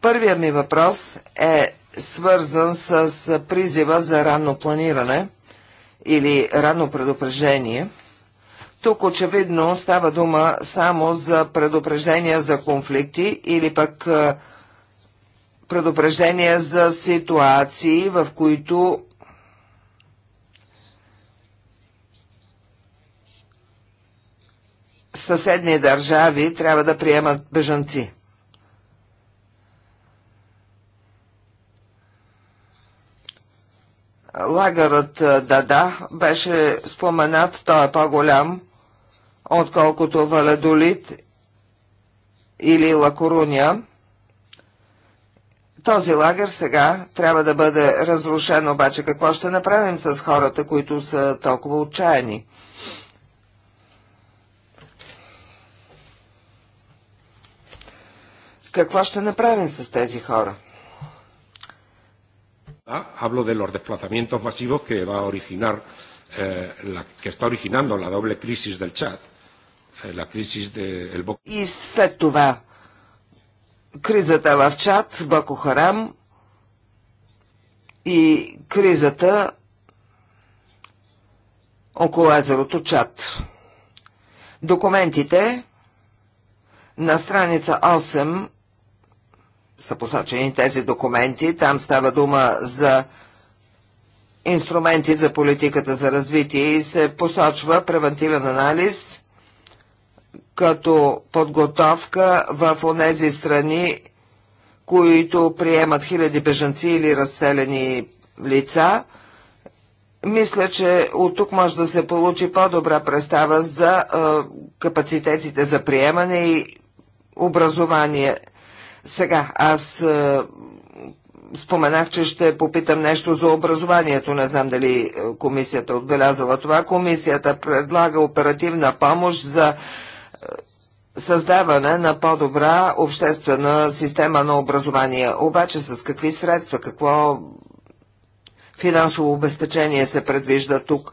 Първият ми въпрос е свързан с призива за ранно планиране или ранно предупреждение. Тук очевидно става дума само за предупреждения за конфликти или пък предупреждения за ситуации, в които съседни държави трябва да приемат бежанци. Лагерът Дада беше споменат, той е по-голям, отколкото Валедолит или Лакоруния. Този лагер сега трябва да бъде разрушен, обаче какво ще направим с хората, които са толкова отчаяни? Какво ще направим с тези хора? Hablo de los desplazamientos masivos que va a originar, eh, la, que está originando la doble crisis del Chad, eh, la crisis del de, И след това кризата в Чад, Боко Харам и кризата около езерото Чад. Документите на страница 8 са посочени тези документи. Там става дума за инструменти за политиката за развитие и се посочва превентивен анализ като подготовка в онези страни, които приемат хиляди бежанци или разселени лица. Мисля, че от тук може да се получи по-добра представа за е, капацитетите за приемане и образование – сега, аз е, споменах, че ще попитам нещо за образованието. Не знам дали е, комисията отбелязала това. Комисията предлага оперативна помощ за е, създаване на по-добра обществена система на образование. Обаче с какви средства, какво финансово обезпечение се предвижда тук?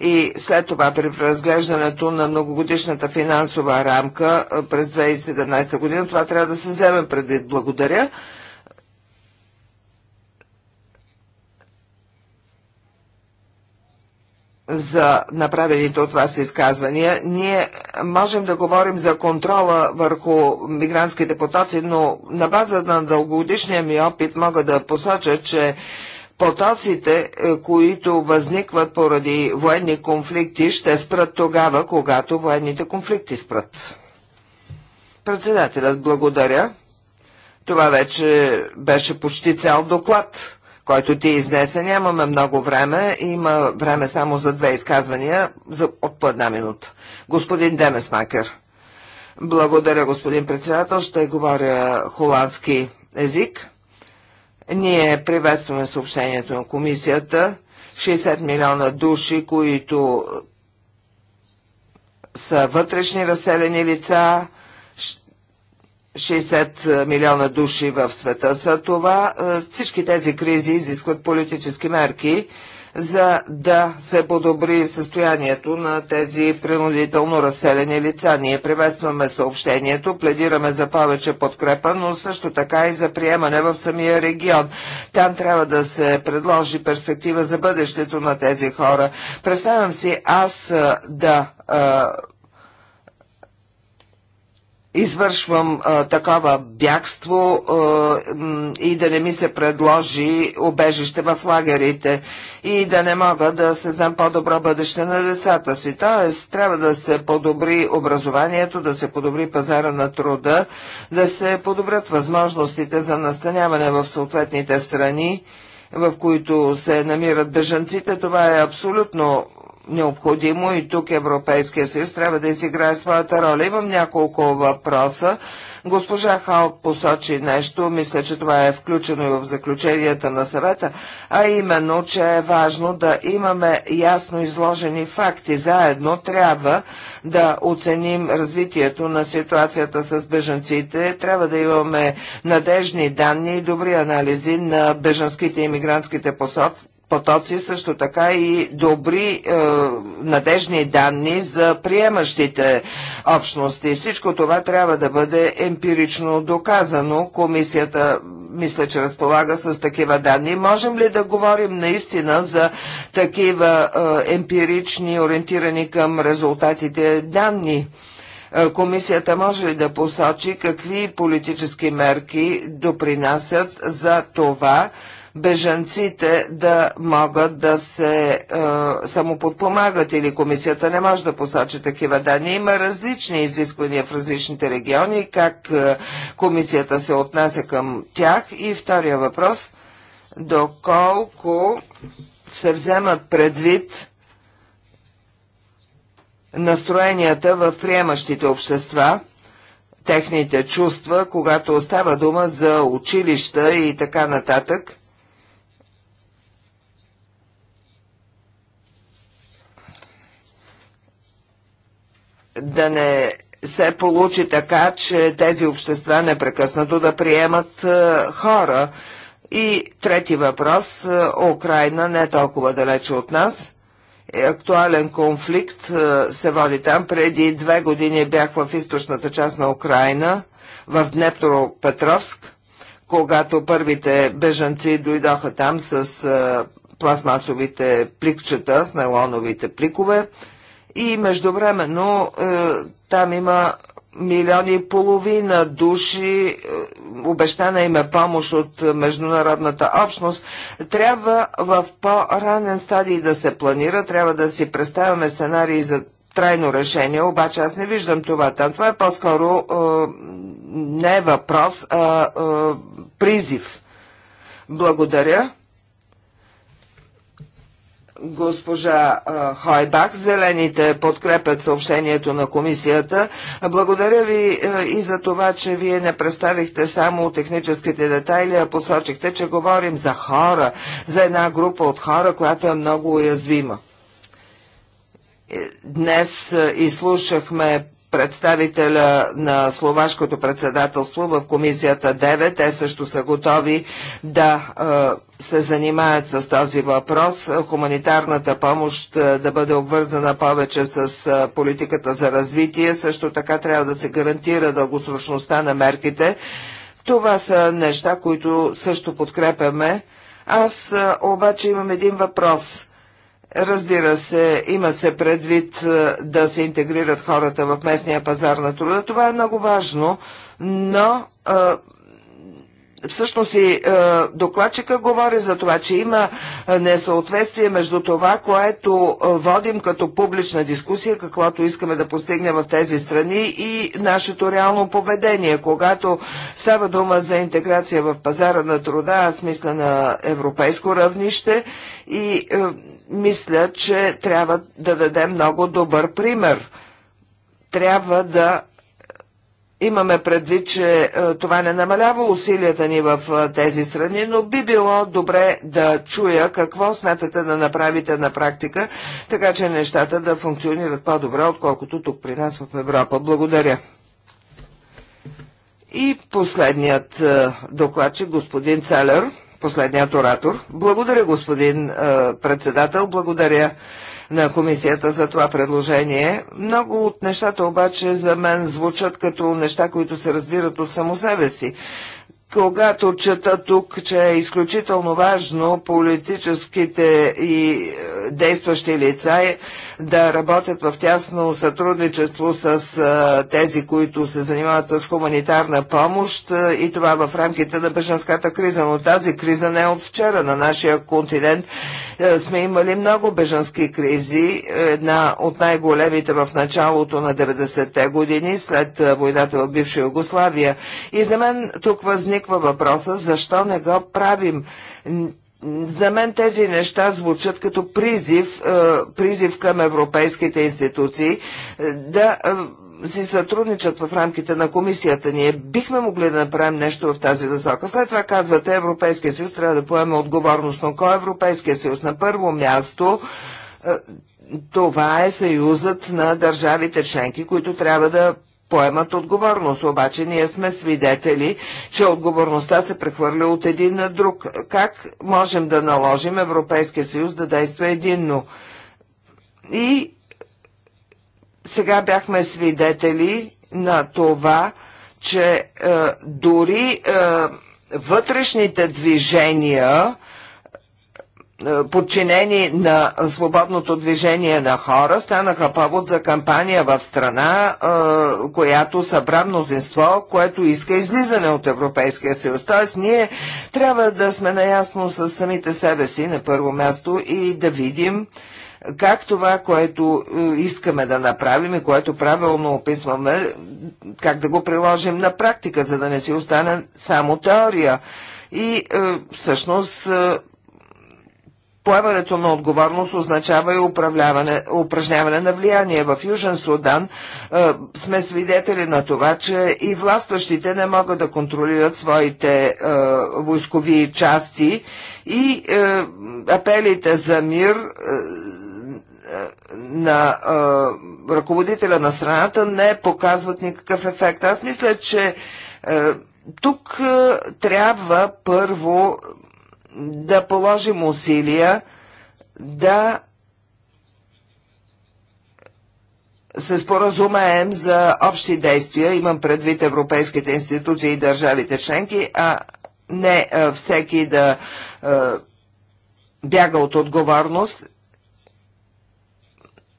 и след това при преразглеждането на многогодишната финансова рамка през 2017 година. Това трябва да се вземе предвид. Благодаря. за направените от вас изказвания. Ние можем да говорим за контрола върху мигрантските потоци, но на база на дългогодишния ми опит мога да посоча, че Потоците, е, които възникват поради военни конфликти, ще спрат тогава, когато военните конфликти спрат. Председателят благодаря. Това вече беше почти цял доклад, който ти изнесе. Нямаме много време. Има време само за две изказвания за, от по една минута. Господин Демесмакер. Благодаря, господин председател. Ще говоря холандски език. Ние приветстваме съобщението на комисията. 60 милиона души, които са вътрешни разселени лица, 60 милиона души в света са това. Е, всички тези кризи изискват политически мерки за да се подобри състоянието на тези принудително разселени лица. Ние приветстваме съобщението, пледираме за повече подкрепа, но също така и за приемане в самия регион. Там трябва да се предложи перспектива за бъдещето на тези хора. Представям си аз да извършвам а, такова бягство а, и да не ми се предложи обежище в лагерите и да не мога да се знам по-добро бъдеще на децата си. Тоест, трябва да се подобри образованието, да се подобри пазара на труда, да се подобрят възможностите за настаняване в съответните страни в които се намират бежанците, това е абсолютно необходимо и тук Европейския съюз трябва да изиграе своята роля. Имам няколко въпроса. Госпожа Халк посочи нещо, мисля, че това е включено и в заключенията на съвета, а именно, че е важно да имаме ясно изложени факти. Заедно трябва да оценим развитието на ситуацията с бежанците, трябва да имаме надежни данни и добри анализи на бежанските и мигрантските потоци, също така и добри е, надежни данни за приемащите общности. Всичко това трябва да бъде емпирично доказано. Комисията мисля, че разполага с такива данни. Можем ли да говорим наистина за такива е, емпирични, ориентирани към резултатите данни? Е, комисията може ли да посочи какви политически мерки допринасят за това, бежанците да могат да се е, самоподпомагат или комисията не може да посочи такива данни. Има различни изисквания в различните региони, как е, комисията се отнася към тях. И втория въпрос, доколко се вземат предвид настроенията в приемащите общества, техните чувства, когато остава дума за училища и така нататък, да не се получи така, че тези общества непрекъснато да приемат е, хора. И трети въпрос, е, Украина не е толкова далече от нас. Е, актуален конфликт се води там. Преди две години бях в източната част на Украина, в Днепропетровск, когато първите бежанци дойдоха там с пластмасовите пликчета, с нейлоновите пликове и междувременно е, там има милиони и половина души, е, обещана им е помощ от международната общност, трябва в по-ранен стадий да се планира, трябва да си представяме сценарии за трайно решение, обаче аз не виждам това там. Това е по-скоро е, не е въпрос, а е, призив. Благодаря госпожа Хойбах. Зелените подкрепят съобщението на комисията. Благодаря ви и за това, че вие не представихте само техническите детайли, а посочихте, че говорим за хора, за една група от хора, която е много уязвима. Е, днес изслушахме представителя на словашкото председателство в комисията 9. Те също са готови да се занимаят с този въпрос, хуманитарната помощ е, да бъде обвързана повече с е, политиката за развитие, също така трябва да се гарантира дългосрочността на мерките. Това са неща, които също подкрепяме. Аз е, обаче имам един въпрос. Разбира се, има се предвид да се интегрират хората в местния пазар на труда. Това е много важно, но всъщност и е, докладчика говори за това, че има е, несъответствие между това, което е, водим като публична дискусия, каквото искаме да постигнем в тези страни и нашето реално поведение. Когато става дума за интеграция в пазара на труда, аз мисля на европейско равнище и е, мисля, че трябва да дадем много добър пример. Трябва да Имаме предвид, че е, това не намалява усилията ни в е, тези страни, но би било добре да чуя какво смятате да направите на практика, така че нещата да функционират по-добре, отколкото тук при нас в Европа. Благодаря. И последният е, докладчик, господин Целер, последният оратор. Благодаря, господин председател, благодаря на комисията за това предложение. Много от нещата обаче за мен звучат като неща, които се разбират от само себе си когато чета тук, че е изключително важно политическите и е, действащи лица е, да работят в тясно сътрудничество с тези, които се занимават с хуманитарна помощ и това в рамките на беженската криза. Но тази криза не е от вчера. На нашия континент сме имали много беженски кризи. Една от най-големите в началото на 90-те години след войната в бивша Югославия. И за мен тук възниква въпроса, защо не го правим? За мен тези неща звучат като призив, е, призив към европейските институции е, да е, си сътрудничат в рамките на комисията. Ние бихме могли да направим нещо в тази насока. След това казвате, Европейския съюз трябва да поеме отговорност. Но кой е Европейския съюз? На първо място това е съюзът на държавите членки, които трябва да поемат отговорност. Обаче ние сме свидетели, че отговорността се прехвърля от един на друг. Как можем да наложим Европейския съюз да действа единно? И сега бяхме свидетели на това, че е, дори е, вътрешните движения е, подчинени на свободното движение на хора, станаха повод за кампания в страна, е, която събра мнозинство, което иска излизане от Европейския съюз. Т.е. ние трябва да сме наясно с самите себе си на първо място и да видим как това, което е, искаме да направим и което правилно описваме, как да го приложим на практика, за да не си остане само теория. И всъщност Поемането на отговорност означава и упражняване на влияние. В Южен Судан е, сме свидетели на това, че и властващите не могат да контролират своите е, войскови части и е, апелите за мир е, на е, ръководителя на страната не показват никакъв ефект. Аз мисля, че е, тук е, трябва първо да положим усилия да се споразумеем за общи действия, имам предвид европейските институции и държавите членки, а не всеки да бяга от отговорност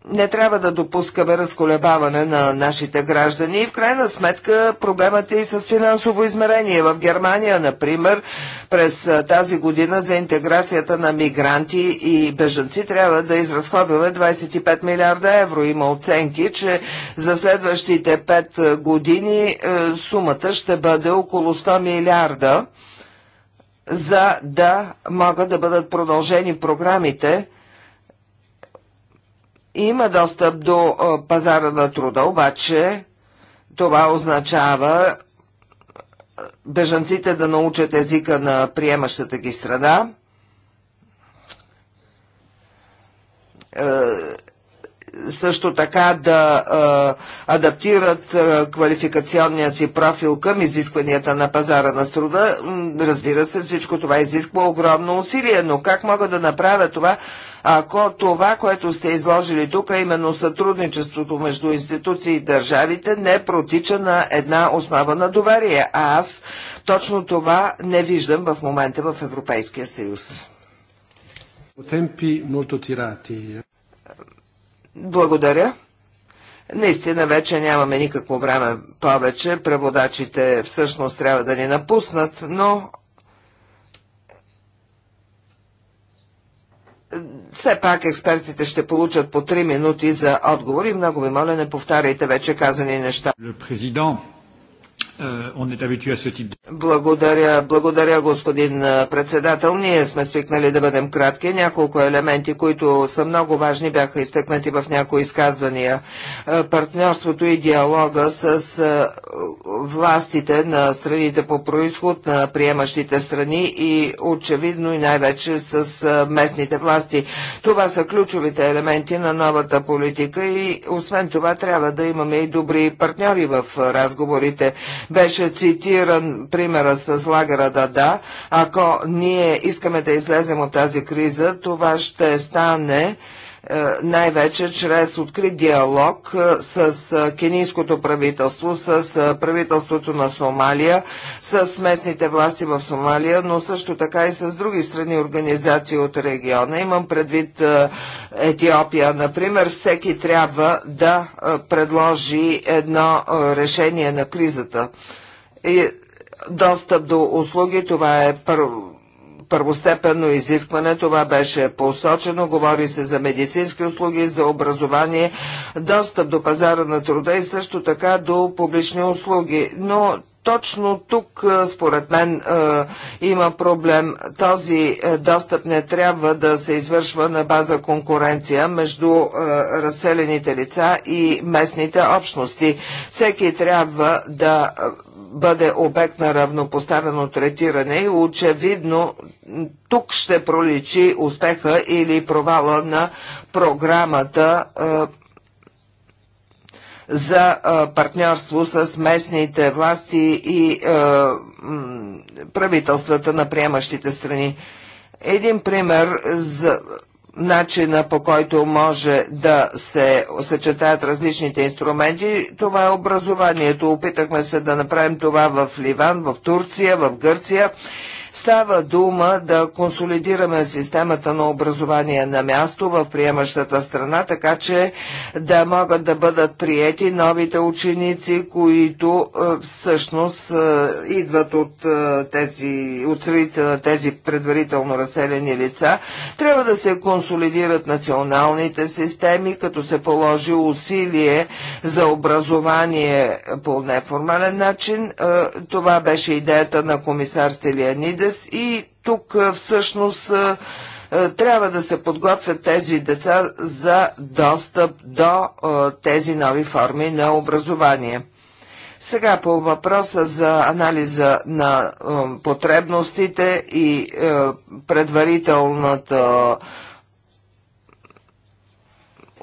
не трябва да допускаме разколебаване на нашите граждани и в крайна сметка проблемът е и с финансово измерение. В Германия, например, през тази година за интеграцията на мигранти и бежанци трябва да изразходваме 25 милиарда евро. Има оценки, че за следващите 5 години сумата ще бъде около 100 милиарда за да могат да бъдат продължени програмите – има достъп до пазара на труда, обаче това означава бежанците да научат езика на приемащата ги страна. също така да а, адаптират а, квалификационния си профил към изискванията на пазара на труда. Разбира се, всичко това изисква огромно усилие, но как могат да направят това ако това, което сте изложили тук, е именно сътрудничеството между институции и държавите, не протича на една основа на доверие, а аз точно това не виждам в момента в Европейския съюз. Благодаря. Наистина вече нямаме никакво време повече. Преводачите всъщност трябва да ни напуснат, но все пак експертите ще получат по 3 минути за отговори. Много ви моля, не повтаряйте вече казани неща. Euh, благодаря, благодаря, господин председател. Ние сме свикнали да бъдем кратки. Няколко елементи, които са много важни, бяха изтъкнати в някои изказвания. Партньорството и диалога с властите на страните по происход, на приемащите страни и очевидно и най-вече с местните власти. Това са ключовите елементи на новата политика и освен това трябва да имаме и добри партньори в разговорите. Беше цитиран примера с лагера Дада. Ако ние искаме да излезем от тази криза, това ще стане е, най-вече чрез открит диалог е, с е, кенийското правителство, с правителството на Сомалия, с местните власти в Сомалия, но също така и с други страни организации от региона. Имам предвид Етиопия, например. Всеки трябва да предложи едно решение на кризата. И достъп до услуги, това е първо първостепенно изискване. Това беше посочено. Говори се за медицински услуги, за образование, достъп до пазара на труда и също така до публични услуги. Но точно тук, според мен, има проблем. Този достъп не трябва да се извършва на база конкуренция между разселените лица и местните общности. Всеки трябва да бъде обект на равнопоставено третиране и очевидно тук ще проличи успеха или провала на програмата за партньорство с местните власти и правителствата на приемащите страни. Един пример за начина по който може да се съчетаят различните инструменти, това е образованието. Опитахме се да направим това в Ливан, в Турция, в Гърция Става дума да консолидираме системата на образование на място в приемащата страна, така че да могат да бъдат приети новите ученици, които е, всъщност е, идват от е, тези, от средите на тези предварително разселени лица. Трябва да се консолидират националните системи, като се положи усилие за образование по неформален начин. Това беше идеята на комисар Стелианидес Фидес и тук всъщност трябва да се подготвят тези деца за достъп до тези нови форми на образование. Сега по въпроса за анализа на потребностите и предварителната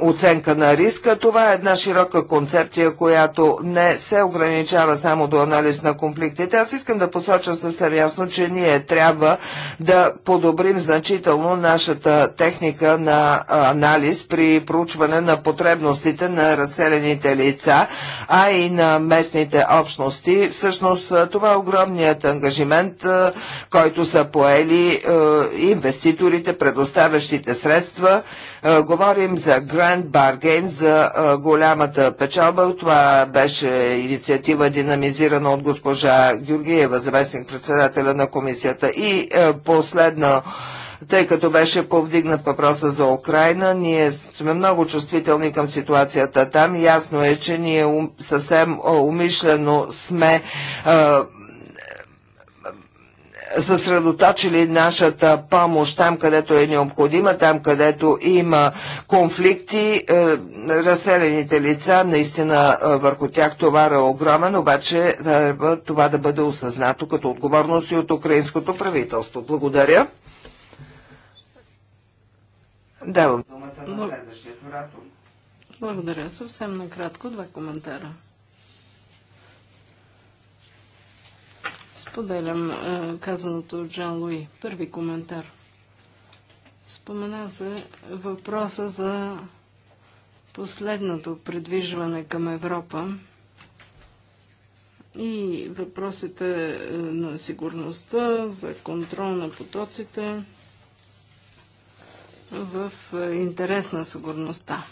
оценка на риска. Това е една широка концепция, която не се ограничава само до анализ на конфликтите. Аз искам да посоча съвсем ясно, че ние трябва да подобрим значително нашата техника на анализ при проучване на потребностите на разселените лица, а и на местните общности. Всъщност това е огромният ангажимент, който са поели инвеститорите, предоставящите средства. Говорим за грани Френд Барген за голямата печалба. Това беше инициатива динамизирана от госпожа Георгиева, заместник председателя на комисията. И последна тъй като беше повдигнат въпроса за Украина. Ние сме много чувствителни към ситуацията там. Ясно е, че ние съвсем умишлено сме съсредоточили нашата помощ там, където е необходима, там, където има конфликти. Е, разселените лица, наистина е, върху тях товар е огромен, обаче трябва това да бъде осъзнато като отговорност и от украинското правителство. Благодаря. Давам думата на следващия оратор. Благодаря. Съвсем накратко два коментара. Споделям е, казаното от Джан Луи. Първи коментар. Спомена се въпроса за последното предвижване към Европа и въпросите е, на сигурността, за контрол на потоците в е, интерес на сигурността.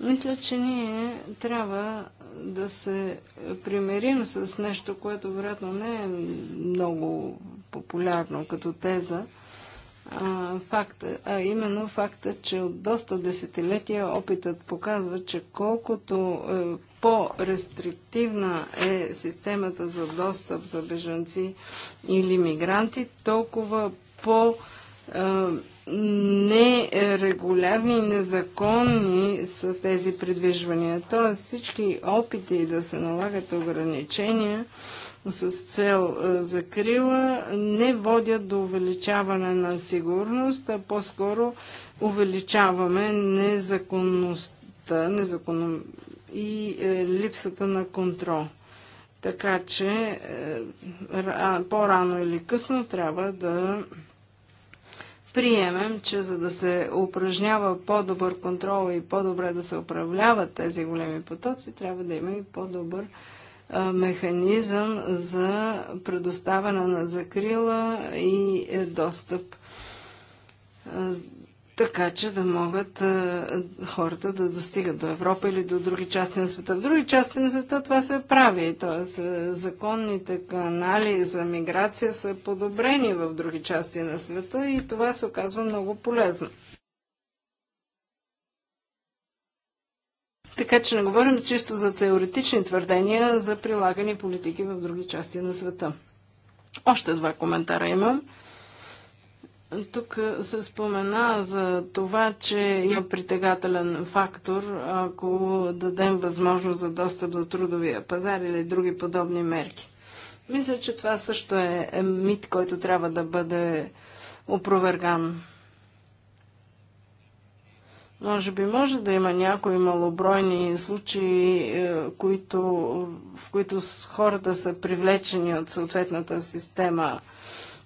Мисля, че ние трябва да се примерим с нещо, което вероятно не е много популярно като теза. А, факта, а именно факта, че от доста десетилетия опитът показва, че колкото е, по-рестриктивна е системата за достъп за бежанци или мигранти, толкова по- е, нерегулярни и незаконни са тези придвижвания. Тоест всички опити да се налагат ограничения с цел е, закрила не водят до увеличаване на сигурност, а по-скоро увеличаваме незаконността незаконно... и е, липсата на контрол. Така че е, по-рано или късно трябва да приемем, че за да се упражнява по-добър контрол и по-добре да се управляват тези големи потоци, трябва да има и по-добър механизъм за предоставяне на закрила и е, достъп така че да могат а, хората да достигат до Европа или до други части на света. В други части на света това се прави, т.е. законните канали за миграция са подобрени в други части на света и това се оказва много полезно. Така че не говорим чисто за теоретични твърдения за прилагани политики в други части на света. Още два коментара имам. Тук се спомена за това, че има притегателен фактор, ако дадем възможност за достъп до трудовия пазар или други подобни мерки. Мисля, че това също е, е мит, който трябва да бъде опроверган. Може би може да има някои малобройни случаи, е, които, в които хората са привлечени от съответната система –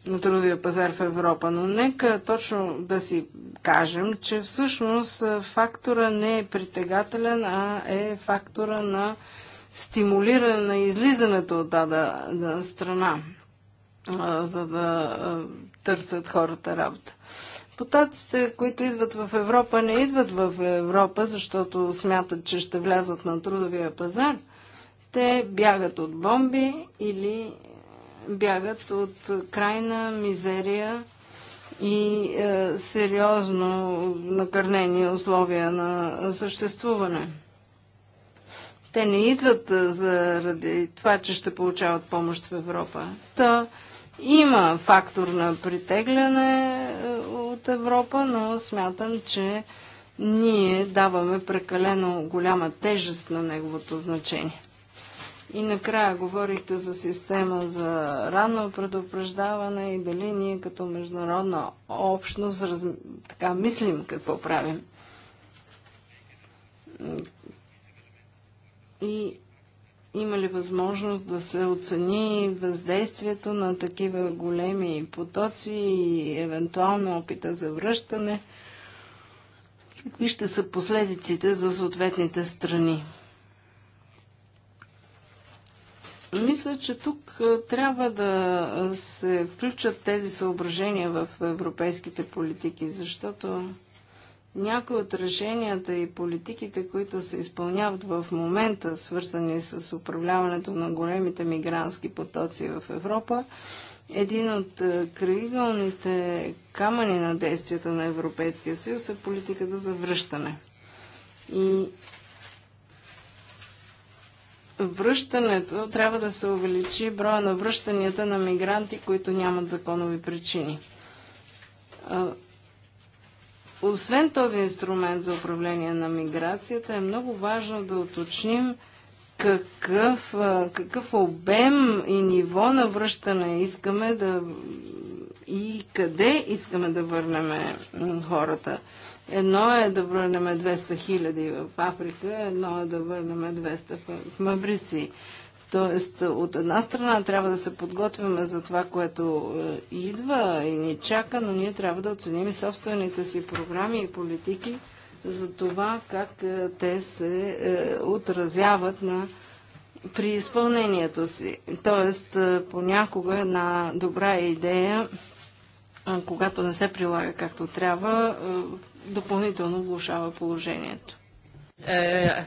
на трудовия пазар в Европа. Но нека точно да си кажем, че всъщност фактора не е притегателен, а е фактора на стимулиране на излизането от тази страна, за да търсят хората работа. Потаците, които идват в Европа, не идват в Европа, защото смятат, че ще влязат на трудовия пазар. Те бягат от бомби или бягат от крайна мизерия и е, сериозно накърнени условия на съществуване. Те не идват е, заради това, че ще получават помощ в Европа. Та има фактор на притегляне е, от Европа, но смятам, че ние даваме прекалено голяма тежест на неговото значение. И накрая говорихте за система за ранно предупреждаване и дали ние като международна общност раз... така мислим какво правим. И има ли възможност да се оцени въздействието на такива големи потоци и евентуално опита за връщане? Какви ще са последиците за съответните страни? Мисля, че тук трябва да се включат тези съображения в европейските политики, защото някои от решенията и политиките, които се изпълняват в момента, свързани с управляването на големите мигрантски потоци в Европа, един от крайъгълните камъни на действията на Европейския съюз е политиката за връщане. И връщането трябва да се увеличи броя на връщанията на мигранти, които нямат законови причини. Освен този инструмент за управление на миграцията, е много важно да уточним какъв, какъв обем и ниво на връщане искаме да и къде искаме да върнем хората. Едно е да върнем 200 хиляди в Африка, едно е да върнем 200 в Мабрици. Тоест, от една страна трябва да се подготвяме за това, което е, идва и ни чака, но ние трябва да оценим и собствените си програми и политики за това как е, те се е, отразяват на при изпълнението си. Тоест, понякога една добра идея, когато не се прилага както трябва, допълнително влушава положението. Е,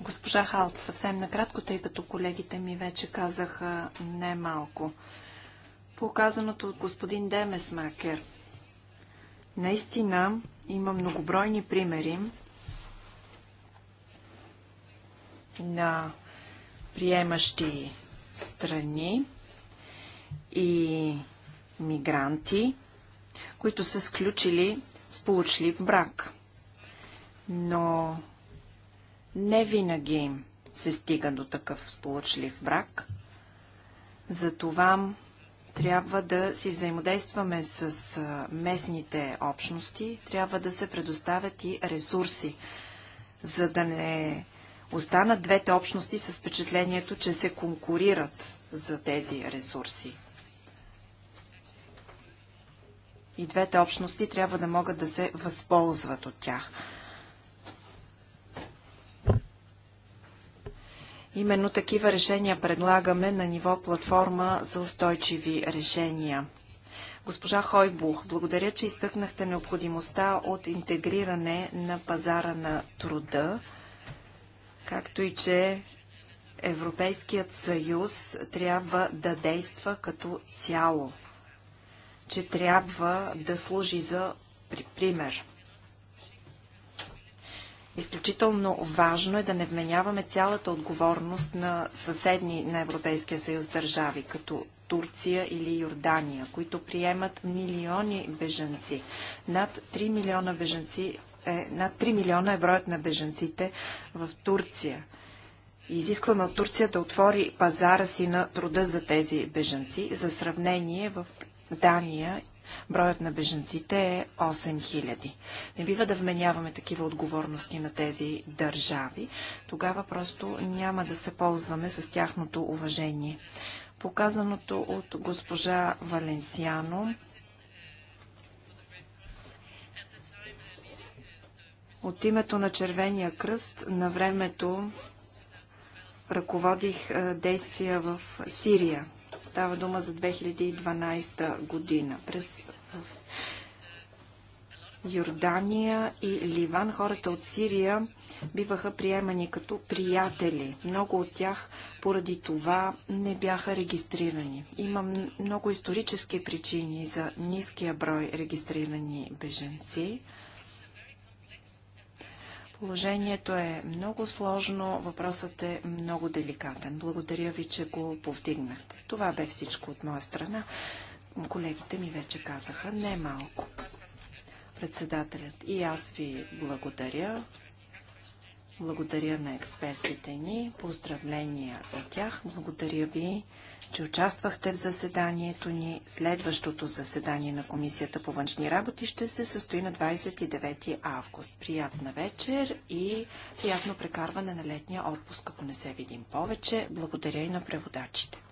Госпожа Халт, съвсем накратко, тъй като колегите ми вече казаха не малко. Показаното от господин Демесмакер. Наистина има многобройни примери на приемащи страни и мигранти, които са сключили сполучлив брак. Но не винаги се стига до такъв сполучлив брак. Затова трябва да си взаимодействаме с местните общности, трябва да се предоставят и ресурси, за да не останат двете общности с впечатлението, че се конкурират за тези ресурси. и двете общности трябва да могат да се възползват от тях. Именно такива решения предлагаме на ниво платформа за устойчиви решения. Госпожа Хойбух, благодаря, че изтъкнахте необходимостта от интегриране на пазара на труда, както и че Европейският съюз трябва да действа като цяло че трябва да служи за пример. Изключително важно е да не вменяваме цялата отговорност на съседни на Европейския съюз държави, като Турция или Йордания, които приемат милиони бежанци. Над 3 милиона бежанци е, над 3 милиона е броят на бежанците в Турция. Изискваме от Турция да отвори пазара си на труда за тези бежанци. За сравнение, в Дания броят на беженците е 8000. Не бива да вменяваме такива отговорности на тези държави. Тогава просто няма да се ползваме с тяхното уважение. Показаното от госпожа Валенсиано От името на Червения кръст на времето ръководих действия в Сирия Става дума за 2012 година. През Йордания и Ливан хората от Сирия биваха приемани като приятели. Много от тях поради това не бяха регистрирани. Има много исторически причини за ниския брой регистрирани беженци. Положението е много сложно, въпросът е много деликатен. Благодаря ви, че го повдигнахте. Това бе всичко от моя страна. Колегите ми вече казаха не малко. Председателят и аз ви благодаря. Благодаря на експертите ни. Поздравления за тях. Благодаря ви че участвахте в заседанието ни. Следващото заседание на Комисията по външни работи ще се състои на 29 август. Приятна вечер и приятно прекарване на летния отпуск, ако не се видим повече. Благодаря и на преводачите.